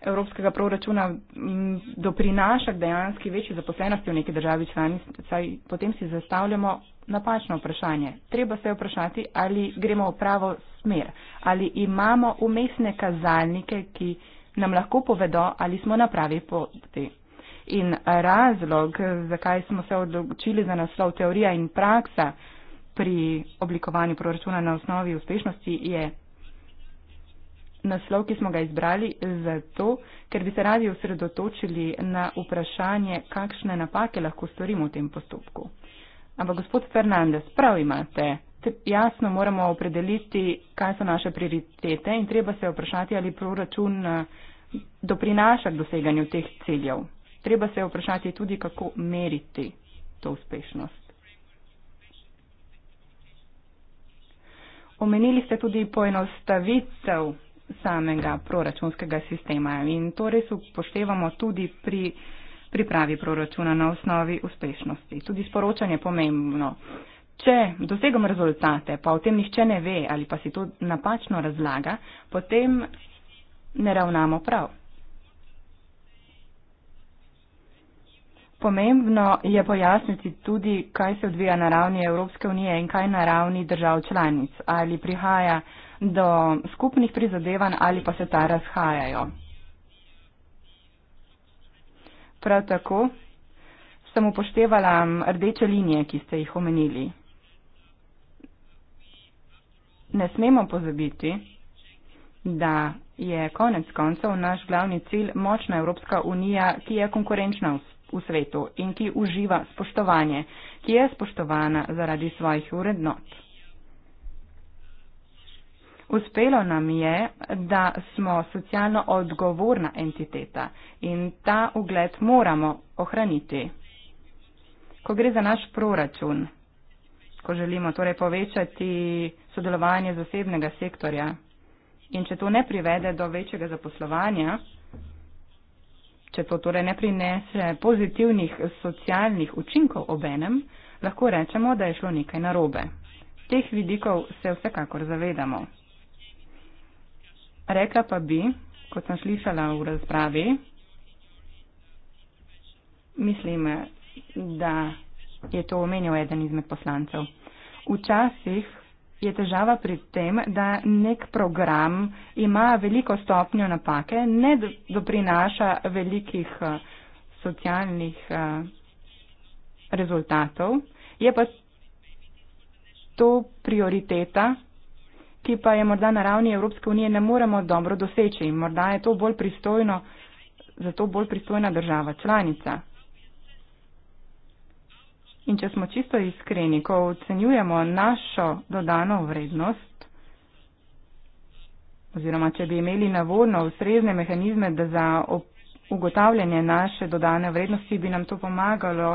evropskega proračuna mm, doprinaša dejansko večji zaposlenosti v neki državi članici, saj potem si zastavljamo napačno vprašanje. Treba se vprašati, ali gremo v pravo smer, ali imamo umestne kazalnike, ki nam lahko povedo, ali smo na pravi poti. In razlog, zakaj smo se odločili za naslov teorija in praksa pri oblikovanju proračuna na osnovi uspešnosti, je naslov, ki smo ga izbrali, zato, ker bi se radi osredotočili na vprašanje, kakšne napake lahko storimo v tem postopku. Ampak gospod Fernandez, prav imate. Jasno moramo opredeliti, kaj so naše prioritete in treba se vprašati, ali proračun eh, doprinaša k doseganju teh ciljev. Treba se vprašati tudi, kako meriti to uspešnost. Omenili ste tudi poenostavitev samega proračunskega sistema in to res upoštevamo tudi pri pripravi proračuna na osnovi uspešnosti. Tudi sporočanje je pomembno. Če dosegamo rezultate, pa o tem nihče ne ve ali pa si to napačno razlaga, potem ne ravnamo prav. Pomembno je pojasniti tudi, kaj se odvija na ravni Evropske unije in kaj na ravni držav članic, ali prihaja do skupnih prizadevanj ali pa se ta razhajajo. Prav tako sem upoštevala rdeče linije, ki ste jih omenili. Ne smemo pozabiti, da je konec koncev naš glavni cilj močna Evropska unija, ki je konkurenčna vsem v svetu in ki uživa spoštovanje, ki je spoštovana zaradi svojih vrednot. Uspelo nam je, da smo socialno odgovorna entiteta in ta ugled moramo ohraniti. Ko gre za naš proračun, ko želimo torej povečati sodelovanje zasebnega sektorja in če to ne privede do večjega zaposlovanja, Če to torej ne prinese pozitivnih socialnih učinkov obenem, lahko rečemo, da je šlo nekaj narobe. Teh vidikov se vsekakor zavedamo. Reka pa bi, kot sem slišala v razpravi, mislim, da je to omenil eden izmed poslancev. Včasih je težava pri tem, da nek program ima veliko stopnjo napake, ne doprinaša velikih eh, socialnih eh, rezultatov, je pa to prioriteta, ki pa je morda na ravni Evropske unije ne moremo dobro doseči in morda je to bolj pristojno, zato bolj pristojna država članica. In če smo čisto iskreni, ko ocenjujemo našo dodano vrednost, oziroma če bi imeli na voljo ustrezne mehanizme za ugotavljanje naše dodane vrednosti, bi nam to pomagalo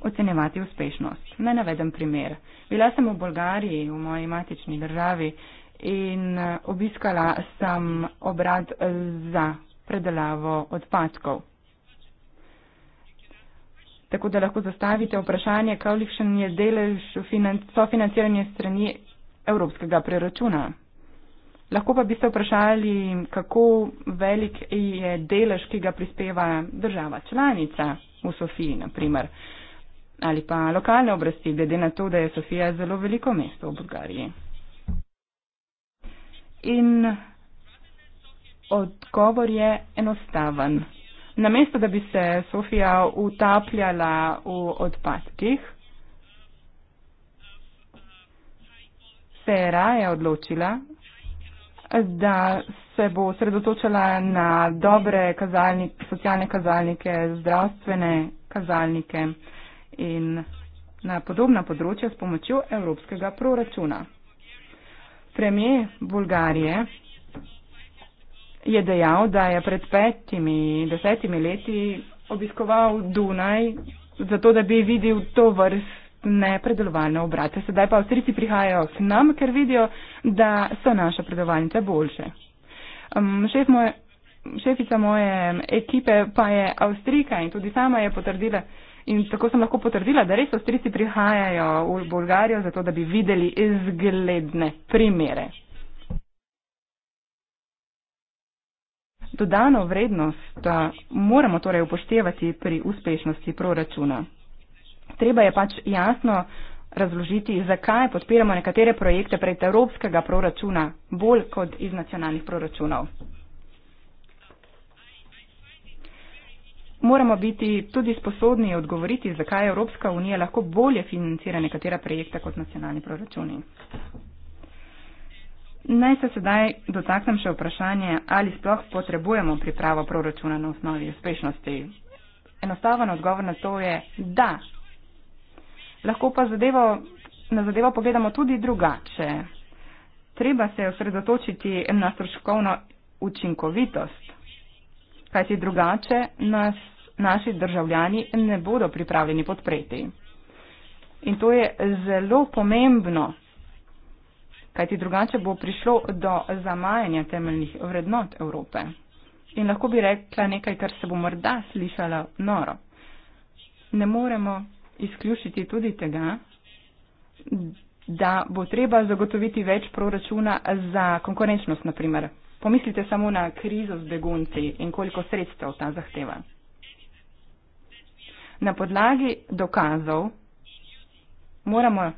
ocenjevati uspešnost. Naj navedem primer. Bila sem v Bolgariji, v moji matični državi, in eh, obiskala sem obrad eh, za predelavo odpadkov tako da lahko zastavite vprašanje, kakšen je delež sofinanciranja strani evropskega preračuna. Lahko pa bi se vprašali, kako velik je delež, ki ga prispeva država članica v Sofiji, naprimer, ali pa lokalne oblasti, glede na to, da je Sofija zelo veliko mesto v Bulgariji. In odgovor je enostaven namesto da bi se Sofija utapljala v odpadkih, se je raje odločila, da se bo sredotočala na dobre kazalnik, socialne kazalnike, zdravstvene kazalnike in na podobna področja s pomočjo evropskega proračuna. Premijer Bulgarije je dejal, da je pred petimi, desetimi leti obiskoval Dunaj, zato da bi videl to vrstne predelovalne obrate. Sedaj pa avstrici prihajajo k nam, ker vidijo, da so naše predelovalnice boljše. Um, šef moje, šefica moje ekipe pa je avstrika in tudi sama je potrdila. In tako sem lahko potrdila, da res avstrici prihajajo v Bolgarijo, zato da bi videli izgledne primere. dodano vrednost eh, moramo torej upoštevati pri uspešnosti proračuna. Treba je pač jasno razložiti, zakaj podpiramo nekatere projekte prek evropskega proračuna bolj kot iz nacionalnih proračunov. Moramo biti tudi sposobni odgovoriti, zakaj Evropska unija lahko bolje financira nekatera projekta kot nacionalni proračuni. Naj se sedaj dotaknem še vprašanje, ali sploh potrebujemo pripravo proračuna na osnovi uspešnosti. Enostaven odgovor na to je da. Lahko pa zadevo, na zadevo pogledamo tudi drugače. Treba se osredotočiti na stroškovno učinkovitost, kajti drugače nas naši državljani ne bodo pripravljeni podpreti. In to je zelo pomembno kajti drugače bo prišlo do zamajanja temeljnih vrednot Evrope. In lahko bi rekla nekaj, kar se bo morda slišala noro. Ne moremo izključiti tudi tega, da bo treba zagotoviti več proračuna za konkurenčnost, naprimer. Pomislite samo na krizo z begunci in koliko sredstev ta zahteva. Na podlagi dokazov moramo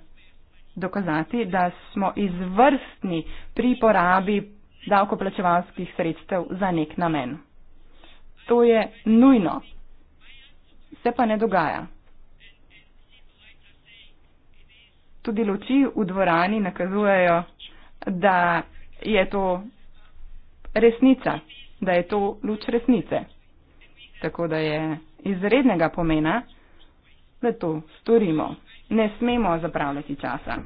dokazati, da smo izvrstni pri porabi davkoplačevalskih sredstev za nek namen. To je nujno. Se pa ne dogaja. Tudi loči v dvorani nakazujejo, da je to resnica, da je to luč resnice. Tako da je izrednega pomena, da to storimo ne smemo zapravljati časa.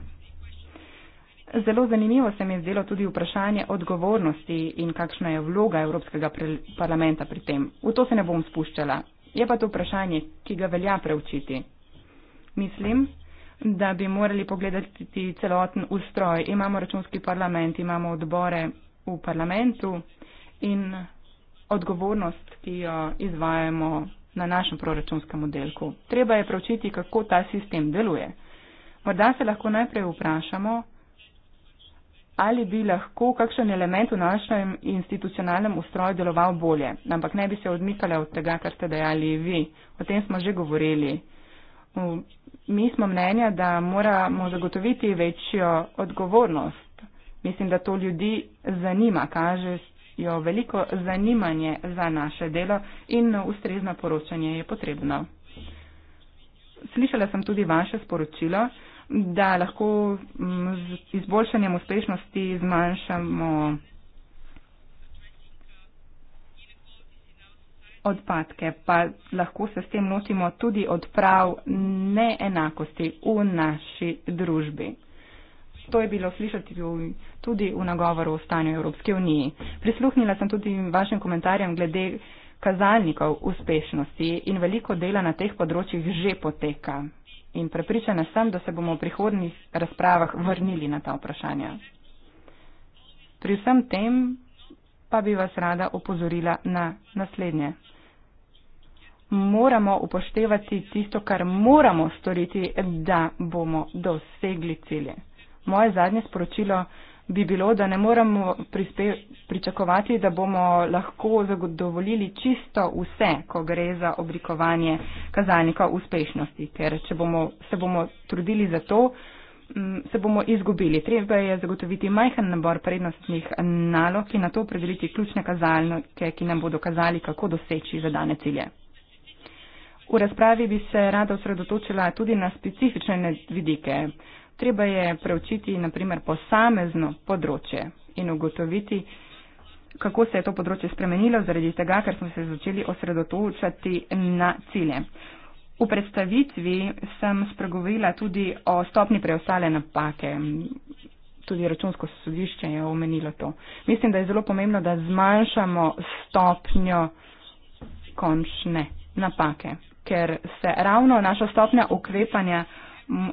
Zelo zanimivo se mi je zdelo tudi vprašanje odgovornosti in kakšna je vloga Evropskega parlamenta pri tem. V to se ne bom spuščala. Je pa to vprašanje, ki ga velja preučiti. Mislim, da bi morali pogledati celoten ustroj. Imamo računski parlament, imamo odbore v parlamentu in odgovornost, ki jo izvajamo na našem proračunskem oddelku. Treba je pravčiti, kako ta sistem deluje. Morda se lahko najprej vprašamo, ali bi lahko kakšen element v našem institucionalnem ustroju deloval bolje, ampak ne bi se odmikala od tega, kar ste dejali vi. O tem smo že govorili. Mi smo mnenja, da moramo zagotoviti večjo odgovornost. Mislim, da to ljudi zanima, kaže jo veliko zanimanje za naše delo in ustrezno poročanje je potrebno. Slišala sem tudi vaše sporočilo, da lahko mm, z izboljšanjem uspešnosti zmanjšamo odpadke, pa lahko se s tem lotimo tudi odprav neenakosti v naši družbi. To je bilo slišati tudi v nagovoru o stanju Evropske unije. Prisluhnila sem tudi vašim komentarjem glede kazalnikov uspešnosti in veliko dela na teh področjih že poteka. In prepričana sem, da se bomo v prihodnjih razpravah vrnili na ta vprašanja. Pri vsem tem pa bi vas rada opozorila na naslednje. Moramo upoštevati tisto, kar moramo storiti, da bomo dosegli cilje moje zadnje sporočilo bi bilo, da ne moramo prispe, pričakovati, da bomo lahko zadovoljili čisto vse, ko gre za oblikovanje kazalnika uspešnosti, ker če bomo, se bomo trudili za to, mm, se bomo izgubili. Treba je zagotoviti majhen nabor prednostnih nalog in na to predeliti ključne kazalnike, ki nam bodo kazali, kako doseči zadane cilje. V razpravi bi se rada osredotočila tudi na specifične vidike Treba je preučiti naprimer posamezno področje in ugotoviti, kako se je to področje spremenilo zaradi tega, ker smo se začeli osredotočati na cilje. V predstavitvi sem spregovorila tudi o stopni preostale napake. Tudi računsko sodišče je omenilo to. Mislim, da je zelo pomembno, da zmanjšamo stopnjo končne napake, ker se ravno naša stopnja ukrepanja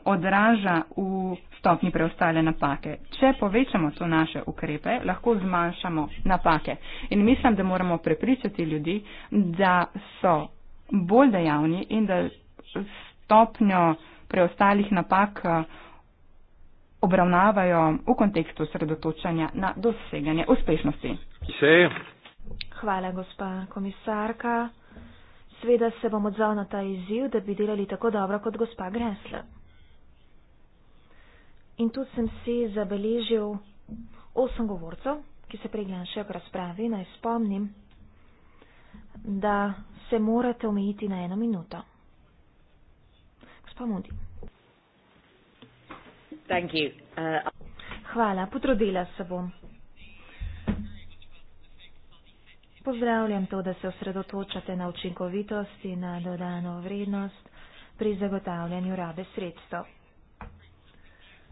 odraža v stopni preostale napake. Če povečamo to naše ukrepe, lahko zmanjšamo napake. In mislim, da moramo prepričati ljudi, da so bolj dejavni in da stopnjo preostalih napak eh, obravnavajo v kontekstu sredotočanja na doseganje uspešnosti. Se.
Hvala, gospa komisarka. Sveda se bom odzval na ta izziv, da bi delali tako dobro kot gospa Gresla. In tu sem si zabeležil osem govorcev, ki se priglašajo k razpravi. Naj spomnim, da se morate omejiti na eno minuto. Spomudi. Uh, Hvala, potrudila se bom. Pozdravljam to, da se osredotočate na učinkovitost in na dodano vrednost pri zagotavljanju rabe sredstev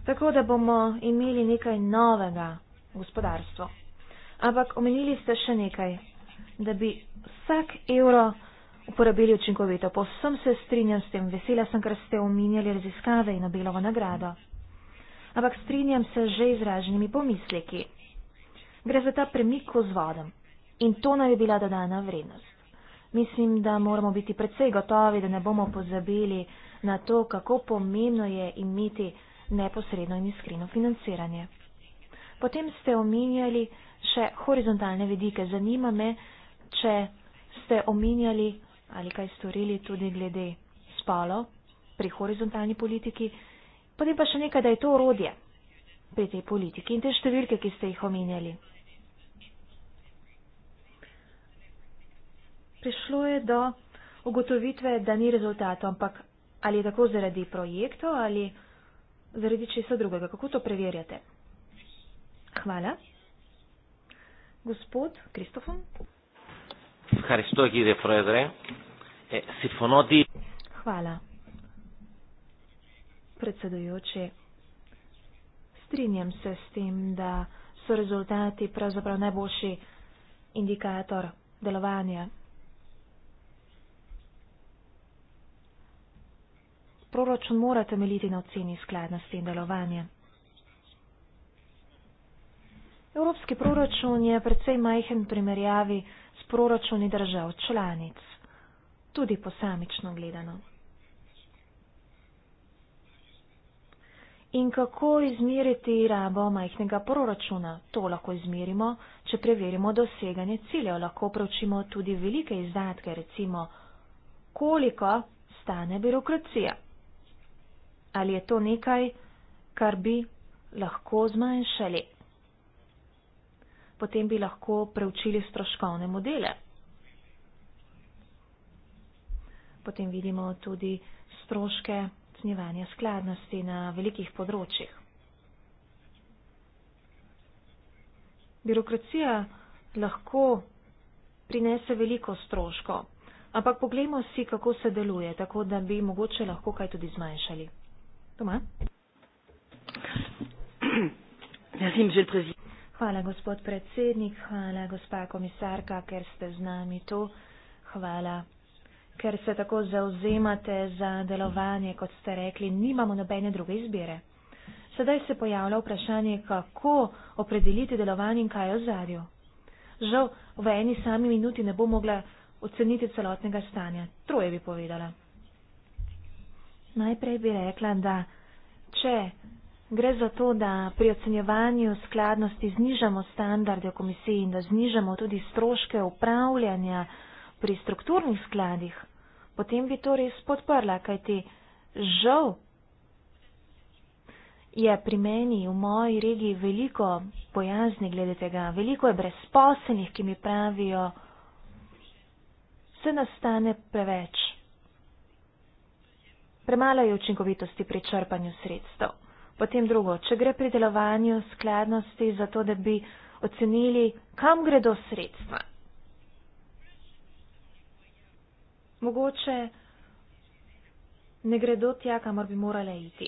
tako da bomo imeli nekaj novega v gospodarstvu. Ampak omenili ste še nekaj, da bi vsak evro uporabili učinkovito. Povsem se strinjam s tem, vesela sem, ker ste omenjali raziskave in obelovo nagrado. Ampak strinjam se že izraženimi pomisleki. Gre za ta premik v zvodom in to naj bi bila dodana vrednost. Mislim, da moramo biti predvsej gotovi, da ne bomo pozabili na to, kako pomembno je imeti neposredno in iskreno financiranje. Potem ste omenjali še horizontalne vidike. Zanima me, če ste omenjali ali kaj storili tudi glede spalo pri horizontalni politiki. Potem pa še nekaj, da je to orodje pri tej politiki in te številke, ki ste jih omenjali. Prišlo je do ugotovitve, da ni rezultatov, ampak ali je tako zaradi projektov ali. Zaradi česa drugega. Kako to preverjate? Hvala. Gospod Kristofon. E, Hvala. Predsedujoči, strinjam se s tem, da so rezultati pravzaprav najboljši indikator delovanja proračun mora temeljiti na oceni skladnosti in delovanja. Evropski proračun je predvsej majhen v primerjavi s proračuni držav članic, tudi posamično gledano. In kako izmeriti rabo majhnega proračuna? To lahko izmerimo, če preverimo doseganje ciljev. Lahko preučimo tudi velike izdatke, recimo koliko stane birokracija ali je to nekaj, kar bi lahko zmanjšali. Potem bi lahko preučili stroškovne modele. Potem vidimo tudi stroške cnjevanja skladnosti na velikih področjih. Birokracija lahko prinese veliko stroško, ampak poglejmo si, kako se deluje, tako da bi mogoče lahko kaj tudi zmanjšali. Tomás. Merci, monsieur le président. Hvala, gospod predsednik, hvala, gospa komisarka, ker ste z nami tu. Hvala, ker se tako zauzemate za delovanje, kot ste rekli, nimamo nobene druge izbire. Sedaj se pojavlja vprašanje, kako opredeliti delovanje in kaj je ozadju. Žal, v eni sami minuti ne bo mogla oceniti celotnega stanja. Troje bi povedala. Najprej bi rekla, da če gre za to, da pri ocenjevanju skladnosti znižamo standarde v komisiji in da znižamo tudi stroške upravljanja pri strukturnih skladih, potem bi to res podprla, kajti žal je pri meni v moji regiji veliko pojazni glede tega, veliko je brezposelnih, ki mi pravijo, se nastane preveč premalo je učinkovitosti pri črpanju sredstev. Potem drugo, če gre pri delovanju skladnosti za to, da bi ocenili, kam gredo sredstva. Mogoče ne gredo tja, kamor bi morale iti.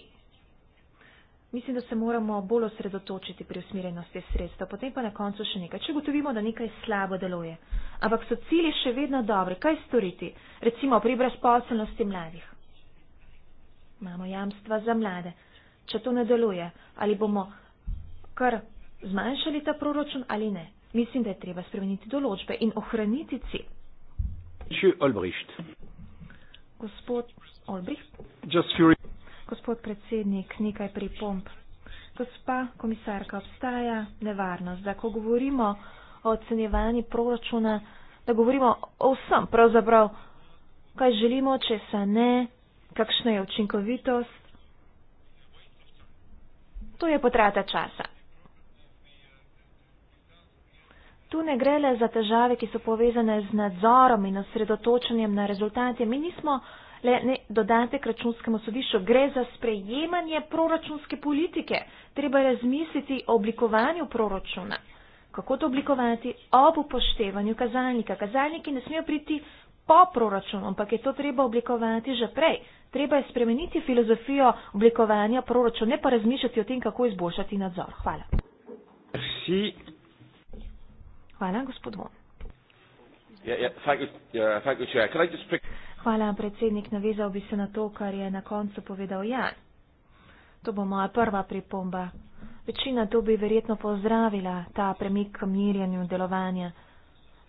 Mislim, da se moramo bolj osredotočiti pri usmerjenosti sredstva, potem pa na koncu še nekaj. Če gotovimo, da nekaj slabo deluje, ampak so cilji še vedno dobri, kaj storiti, recimo pri brezposelnosti mladih imamo jamstva za mlade. Če to ne deluje, ali bomo kar zmanjšali ta proračun ali ne. Mislim, da je treba spremeniti določbe in ohraniti cilj. Gospod Olbricht. Just Gospod predsednik, nekaj pripomp. Gospa komisarka, obstaja nevarnost, da ko govorimo o ocenjevanju proračuna, da govorimo o vsem, pravzaprav, kaj želimo, če se ne kakšna je učinkovitost, to je potrata časa. Tu ne gre le za težave, ki so povezane z nadzorom in osredotočenjem na rezultate. Mi nismo le dodatek računskemu sodišču, gre za sprejemanje proračunske politike. Treba je razmisliti o oblikovanju proračuna. Kako to oblikovati ob upoštevanju kazalnika? Kazalniki ne smejo priti po proračunu, ampak je to treba oblikovati že prej. Treba je spremeniti filozofijo oblikovanja proračuna, ne pa razmišljati o tem, kako izboljšati nadzor. Hvala.
Merci.
Hvala, gospod Von. Hvala, predsednik. Navezal bi se na to, kar je na koncu povedal Jan. To bo moja prva pripomba. Večina to bi verjetno pozdravila, ta premik k mirjenju delovanja.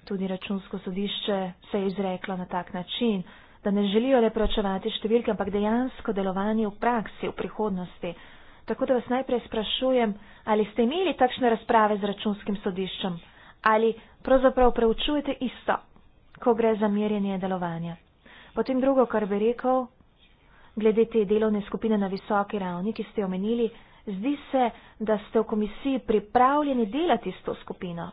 Tudi računsko sodišče se je izreklo na tak način, da ne želijo le preočevati številke, ampak dejansko delovanje v praksi v prihodnosti. Tako da vas najprej sprašujem, ali ste imeli takšne razprave z računskim sodiščem ali pravzaprav preučujete isto, ko gre za merjenje delovanja. Potem drugo, kar bi rekel, glede te delovne skupine na visoki ravni, ki ste omenili, zdi se, da ste v komisiji pripravljeni delati s to skupino.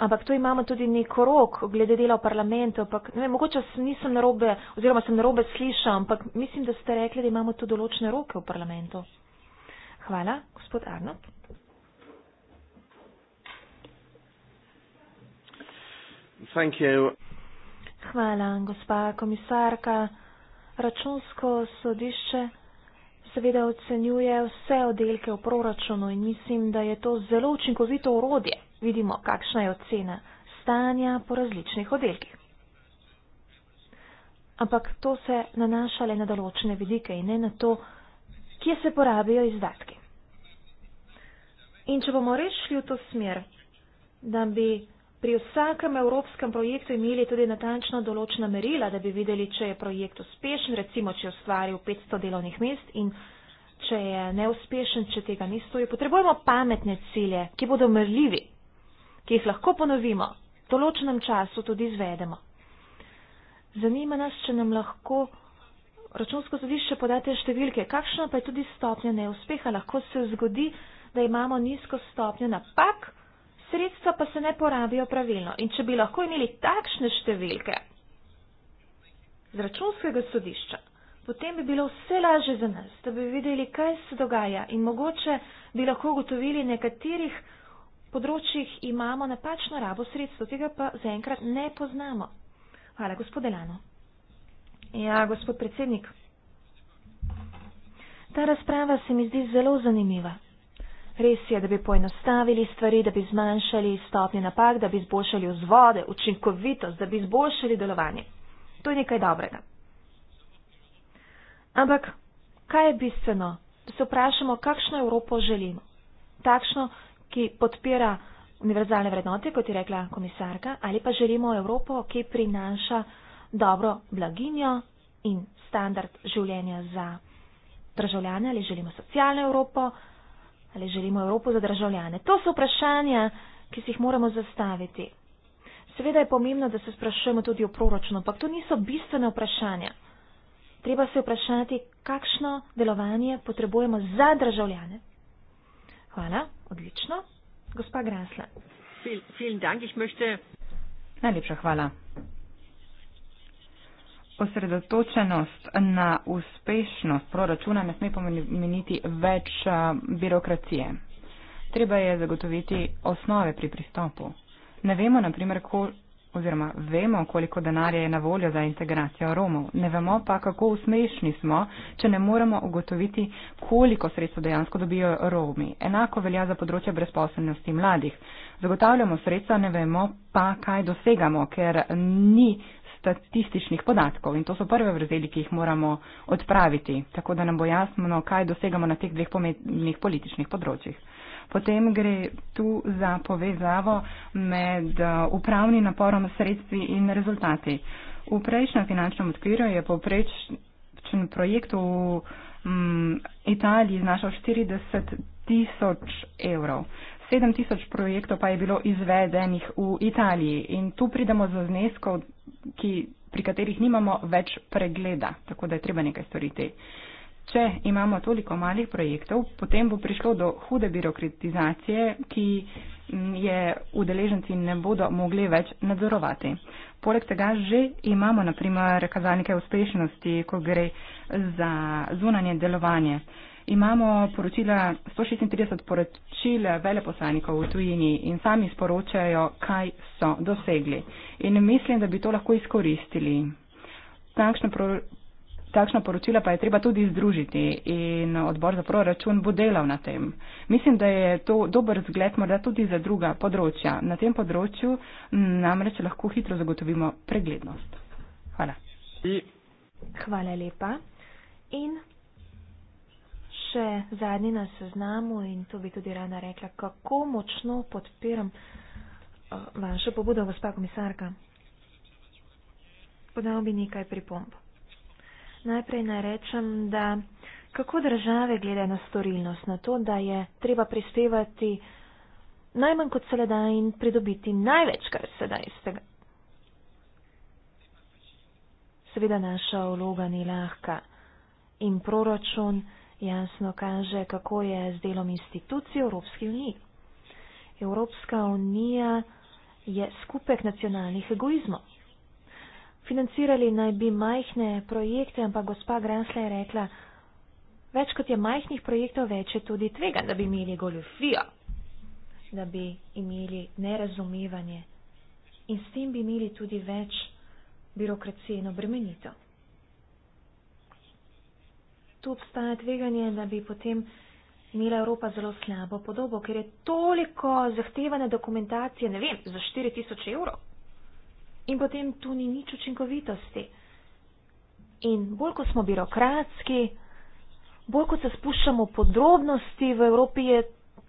Ampak tu imamo tudi neko rok glede dela v parlamentu, ampak ne vem, mogoče nisem narobe oziroma sem narobe slišal, ampak mislim, da ste rekli, da imamo tu določene roke v parlamentu. Hvala, gospod Arnold. Hvala, gospa komisarka. Računsko sodišče seveda ocenjuje vse oddelke v proračunu in mislim, da je to zelo učinkovito urodje vidimo, kakšna je ocena stanja po različnih oddelkih. Ampak to se nanaša le na določene vidike in ne na to, kje se porabijo izdatki. In če bomo rešili v to smer, da bi pri vsakem evropskem projektu imeli tudi natančno določena merila, da bi videli, če je projekt uspešen, recimo, če je ustvaril 500 delovnih mest in če je neuspešen, če tega ni stoji, potrebujemo pametne cilje, ki bodo merljivi ki jih lahko ponovimo, v določenem času tudi izvedemo. Zanima nas, če nam lahko računsko sodišče podate številke, kakšna pa je tudi stopnja neuspeha. Lahko se zgodi, da imamo nizko stopnjo napak, sredstva pa se ne porabijo pravilno. In če bi lahko imeli takšne številke z računskega sodišča, potem bi bilo vse lažje za nas, da bi videli, kaj se dogaja in mogoče bi lahko ugotovili nekaterih področjih imamo napačno rabo sredstva, tega pa zaenkrat ne poznamo. Hvala, gospod Delano. Ja, gospod predsednik. Ta razprava se mi zdi zelo zanimiva. Res je, da bi poenostavili stvari, da bi zmanjšali stopnje napak, da bi izboljšali vzvode, učinkovitost, da bi izboljšali delovanje. To je nekaj dobrega. Ampak kaj je bistveno, da se vprašamo, kakšno Evropo želimo? Takšno, ki podpira univerzalne vrednote, kot je rekla komisarka, ali pa želimo Evropo, ki prinaša dobro blaginjo in standard življenja za državljane, ali želimo socialno Evropo, ali želimo Evropo za državljane. To so vprašanja, ki si jih moramo zastaviti. Seveda je pomembno, da se sprašujemo tudi o proračunu, ampak to niso bistvene vprašanja. Treba se vprašati, kakšno delovanje potrebujemo za državljane. Hvala, odlično. Gospa Grasla. Vielen Dank, ich möchte. Najlepša hvala.
Osredotočenost na uspešnost proračuna ne sme pomeniti več birokracije. Treba je zagotoviti osnove pri pristopu. Ne vemo, naprimer, oziroma vemo, koliko denarja je na voljo za integracijo Romov. Ne vemo pa, kako uspešni smo, če ne moremo ugotoviti, koliko sredstva dejansko dobijo Romi. Enako velja za področje brezposobnosti mladih. Zagotavljamo sredstva, ne vemo pa, kaj dosegamo, ker ni statističnih podatkov in to so prve vrzeli, ki jih moramo odpraviti, tako da nam bo jasno, kaj dosegamo na teh dveh pomembnih političnih področjih. Potem gre tu za povezavo med eh, upravnim naporom sredstvi in rezultati. V prejšnjem finančnem odkvirju je povprečen projekt v m, mm, Italiji znašal 40 tisoč evrov. 7 tisoč projektov pa je bilo izvedenih v Italiji in tu pridemo za zneskov, ki, pri katerih nimamo več pregleda, tako da je treba nekaj storiti. Uh, Če imamo toliko malih projektov, potem bo prišlo do hude birokratizacije, ki je udeleženci ne bodo mogli več nadzorovati. Poleg tega že imamo naprimer kazalnike uspešnosti, ko gre za zunanje delovanje. Imamo poročila, 136 poročil veleposlanikov v tujini in sami sporočajo, kaj so dosegli. In mislim, da bi to lahko izkoristili. Takšno takšna poročila pa je treba tudi združiti in odbor za proračun bo delal na tem. Mislim, da je to dober zgled morda tudi za druga področja. Na tem področju namreč lahko hitro zagotovimo preglednost. Hvala.
Hvala lepa. In še zadnji na seznamu in to bi tudi rada rekla, kako močno podpiram eh, vašo pobudo, gospa komisarka. Podal bi nekaj pripomb. Najprej narečem, da kako države gledajo na storilnost, na to, da je treba prispevati najmanj kot se le da in pridobiti največ, kar se da iz tega. Seveda naša vloga ni lahka in proračun jasno kaže, kako je z delom institucij Evropske unije. Evropska unija je skupek nacionalnih egoizmov financirali naj bi majhne projekte, ampak gospa Gransla je rekla, več kot je majhnih projektov, več je tudi tvega, da bi imeli goljofijo, da bi imeli nerazumevanje in s tem bi imeli tudi več birokracije in obremenitev. Tu obstaja tveganje, da bi potem imela Evropa zelo slabo podobo, ker je toliko zahtevane dokumentacije, ne vem, za 4000 evrov in potem tu ni nič učinkovitosti. In bolj, ko smo birokratski, bolj, ko se spuščamo podrobnosti v Evropi, je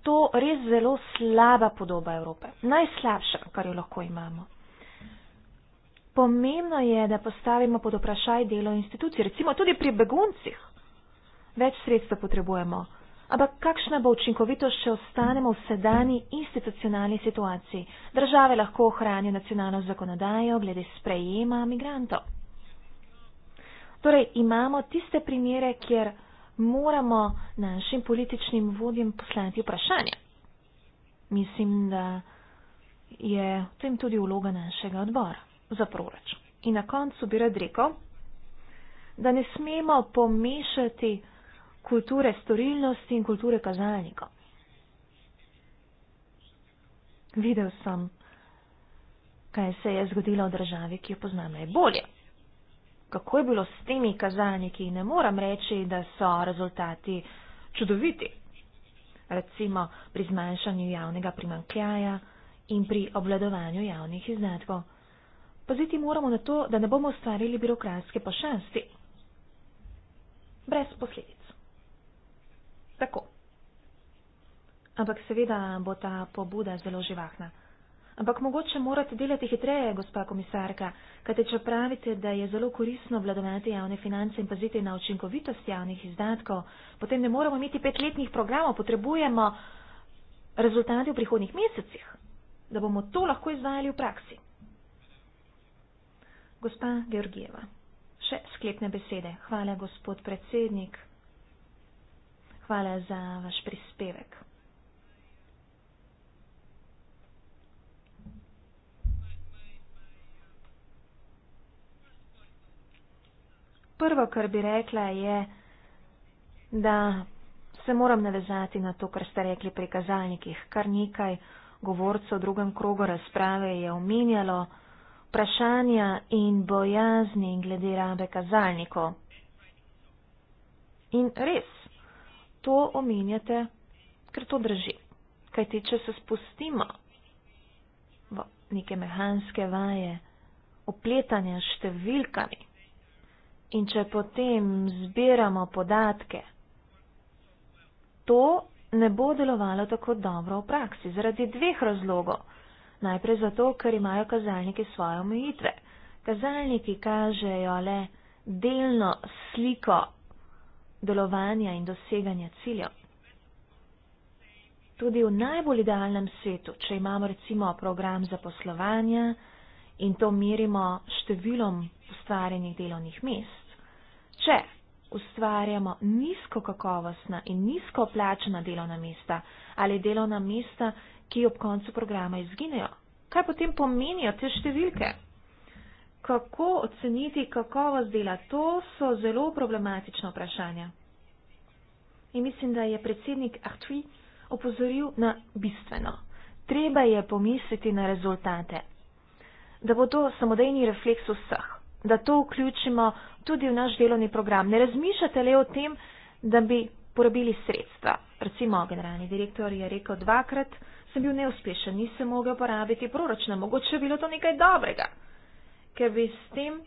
to res zelo slaba podoba Evrope. Najslabša, kar jo lahko imamo. Pomembno je, da postavimo pod vprašaj delo institucij, recimo tudi pri beguncih. Več sredstva potrebujemo. Ampak kakšna bo učinkovitost, če ostanemo v sedani institucionalni situaciji? Države lahko ohranijo nacionalno zakonodajo glede sprejema migrantov. Torej, imamo tiste primere, kjer moramo našim političnim vodjem poslati vprašanje. Mislim, da je v tem tudi vloga našega odbora za proračun. In na koncu bi rad rekel, da ne smemo pomešati kulture storilnosti in kulture kazalnika. Videl sem, kaj se je zgodilo v državi, ki jo poznam najbolje. Kako je bilo s temi kazalniki, ne moram reči, da so rezultati čudoviti. Recimo pri zmanjšanju javnega primankljaja in pri obvladovanju javnih izdatkov. Paziti moramo na to, da ne bomo ustvarili birokratske pošasti. Brez posledic tako. Ampak seveda bo ta pobuda zelo živahna. Ampak mogoče morate delati hitreje, gospa komisarka, kajte če pravite, da je zelo korisno vladovati javne finance in paziti na učinkovitost javnih izdatkov, potem ne moramo imeti petletnih programov, potrebujemo rezultate v prihodnih mesecih, da bomo to lahko izvajali v praksi. Gospa Georgijeva, še sklepne besede. Hvala, gospod predsednik hvala za vaš prispevek. Prvo, kar bi rekla, je, da se moram navezati na to, kar ste rekli pri kazalnikih. Kar nekaj govorcev v drugem krogu razprave je omenjalo vprašanja in bojazni glede rabe kazalnikov. In res, to omenjate, ker to drži. Kajti, če se spustimo v neke mehanske vaje, opletanje s številkami in če potem zbiramo podatke, to ne bo delovalo tako dobro v praksi zaradi dveh razlogov. Najprej zato, ker imajo kazalniki svoje omejitve. Kazalniki kažejo le delno sliko delovanja in doseganja ciljev. Tudi v najbolj idealnem svetu, če imamo recimo program za poslovanje in to merimo številom ustvarjenih delovnih mest, če ustvarjamo nizko kakovostna in nizko plačena delovna mesta ali delovna mesta, ki ob koncu programa izginejo, kaj potem pomenijo te številke? Kako oceniti kakovost dela? To so zelo problematična vprašanja. In mislim, da je predsednik Artui opozoril na bistveno. Treba je pomisliti na rezultate, da bo to samodejni refleks vseh, da to vključimo tudi v naš delovni program. Ne razmišljate le o tem, da bi porabili sredstva. Recimo, generalni direktor je rekel dvakrat, sem bil neuspešen, nisem mogel porabiti proračuna, mogoče je bilo to nekaj dobrega ker bi s tem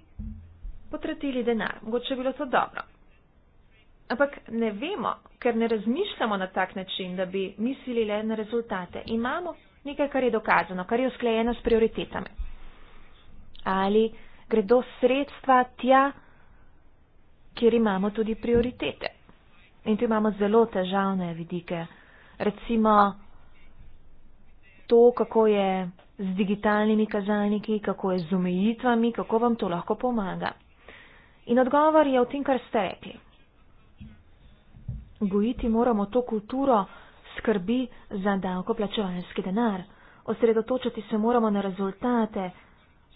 potratili denar. Mogoče bi bilo to dobro. Ampak ne vemo, ker ne razmišljamo na tak način, da bi mislili le na rezultate. Imamo nekaj, kar je dokazano, kar je usklajeno s prioritetami. Ali gredo sredstva tja, kjer imamo tudi prioritete. In tu imamo zelo težavne vidike. Recimo, to, kako je z digitalnimi kazalniki, kako je z omejitvami, kako vam to lahko pomaga. In odgovor je v tem, kar ste rekli. Gojiti moramo to kulturo skrbi za davkoplačevalski denar. Osredotočiti se moramo na rezultate,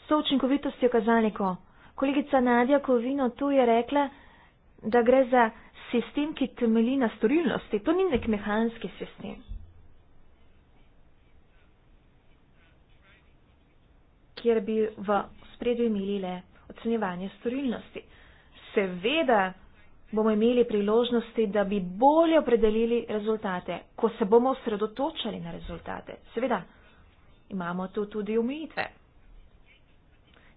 so učinkovitosti okazalniko. Kolegica Nadja Kovino tu je rekla, da gre za sistem, ki temeli na storilnosti. To ni nek mehanski sistem. kjer bi v spredju imeli le ocenjevanje storilnosti. Seveda bomo imeli priložnosti, da bi bolje opredelili rezultate, ko se bomo osredotočali na rezultate. Seveda imamo tu tudi umitve,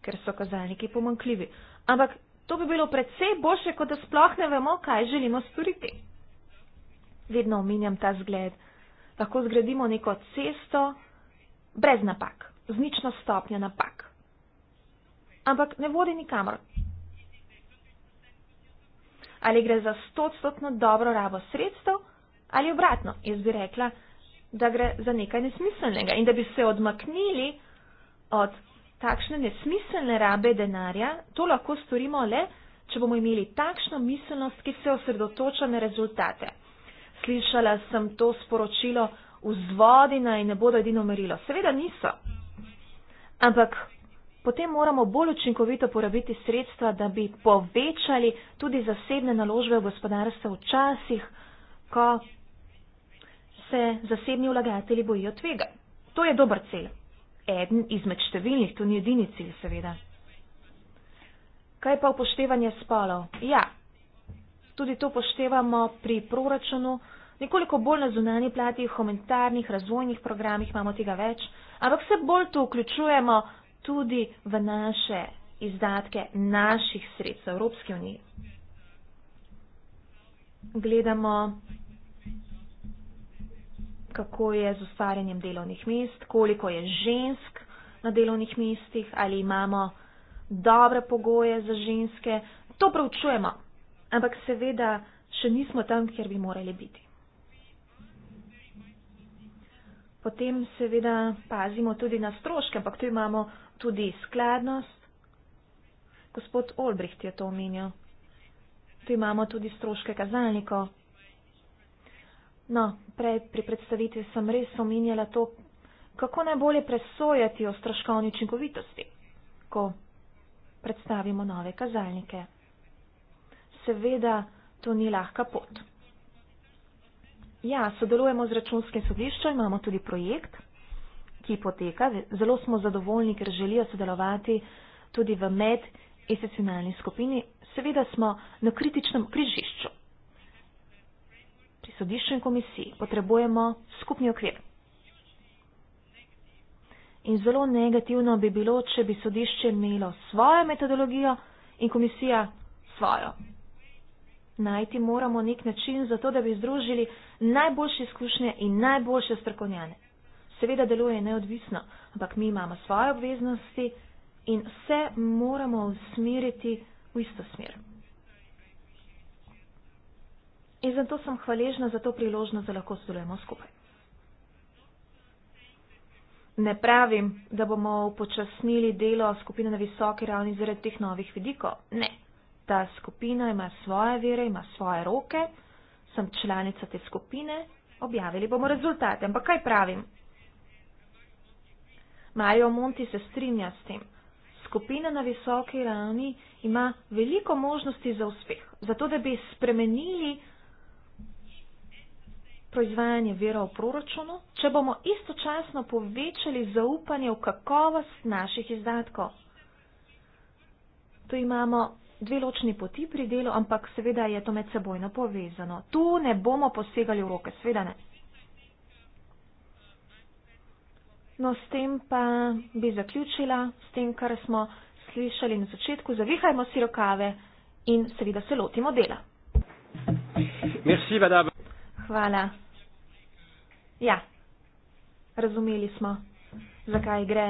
ker so kazalniki pomankljivi. Ampak to bi bilo predvsej boljše, kot da sploh ne vemo, kaj želimo storiti. Vedno omenjam ta zgled. Lahko zgradimo neko cesto brez napak znična stopnja napak. Ampak ne vodi nikamor. Ali gre za stotstotno dobro rabo sredstev ali obratno. Jaz bi rekla, da gre za nekaj nesmiselnega in da bi se odmaknili od takšne nesmiselne rabe denarja, to lahko storimo le, če bomo imeli takšno miselnost, ki se osredotoča na rezultate. Slišala sem to sporočilo vzvodina in ne bodo edino merilo. Seveda niso. Ampak potem moramo bolj učinkovito porabiti sredstva, da bi povečali tudi zasebne naložbe v gospodarstvo v časih, ko se zasebni vlagatelji bojijo tvega. To je dober cel. Eden izmed številnih, to ni edini cilj, seveda. Kaj pa upoštevanje spolov? Ja, tudi to upoštevamo pri proračunu. Nekoliko bolj na zunani plati, v humanitarnih, razvojnih programih imamo tega več ampak vse bolj to vključujemo tudi v naše izdatke naših sredstev Evropske unije. Gledamo, kako je z ustvarjanjem delovnih mest, koliko je žensk na delovnih mestih, ali imamo dobre pogoje za ženske. To preučujemo, ampak seveda še nismo tam, kjer bi morali biti. Potem seveda pazimo tudi na stroške, ampak tu imamo tudi skladnost. Gospod Olbricht je to omenil. Tu imamo tudi stroške kazalniko. No, prej pri predstavitvi sem res omenjala to, kako najbolje presojati o stroškovni učinkovitosti, ko predstavimo nove kazalnike. Seveda, to ni lahka pot. Ja, sodelujemo z računskim sodiščem, imamo tudi projekt, ki poteka. Zelo smo zadovoljni, ker želijo sodelovati tudi v medinstitucionalni skupini. Seveda smo na kritičnem križišču. Pri sodišču in komisiji potrebujemo skupni okvir. In zelo negativno bi bilo, če bi sodišče imelo svojo metodologijo in komisija svojo najti moramo nek način za to, da bi združili najboljše izkušnje in najboljše strokovnjane. Seveda deluje neodvisno, ampak mi imamo svoje obveznosti in vse moramo usmeriti v isto smer. In zato sem hvaležna za to priložnost, da lahko sodelujemo skupaj. Ne pravim, da bomo upočasnili delo skupine na visoki ravni zaradi teh novih vidikov. Ne, ta skupina ima svoje vere, ima svoje roke, sem članica te skupine, objavili bomo rezultate. Ampak kaj pravim? Mario Monti se strinja s tem. Skupina na visoki ravni ima veliko možnosti za uspeh, zato da bi spremenili proizvajanje vera v proračunu, če bomo istočasno povečali zaupanje v kakovost naših izdatkov. Tu imamo dve ločni poti pri delu, ampak seveda je to med sebojno povezano. Tu ne bomo posegali v roke, seveda ne. No, s tem pa bi zaključila, s tem, kar smo slišali na začetku, zavihajmo si rokave in seveda se lotimo dela. Merci, Hvala. Ja, razumeli smo, zakaj gre.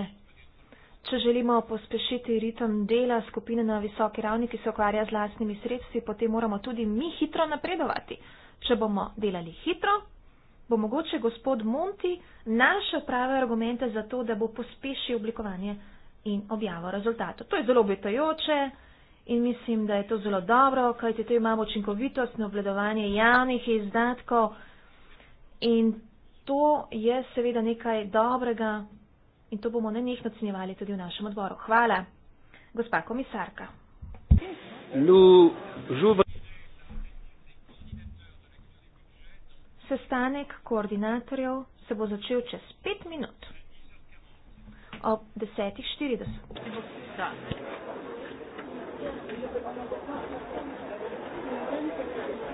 Če želimo pospešiti ritem dela skupine na visoki ravni, ki se ukvarja z lastnimi sredstvi, potem moramo tudi mi hitro napredovati. Če bomo delali hitro, bo mogoče gospod Monti našel prave argumente za to, da bo pospešil oblikovanje in objavo rezultatov. To je zelo obetajoče in mislim, da je to zelo dobro, kajti tu imamo učinkovitost na obledovanje javnih izdatkov in to je seveda nekaj dobrega, in to bomo nenehno ocenjevali tudi v našem odboru. Hvala. Gospa komisarka. Lu, žuba. Sestanek koordinatorjev se bo začel čez pet minut. Ob desetih štirideset. Thank you.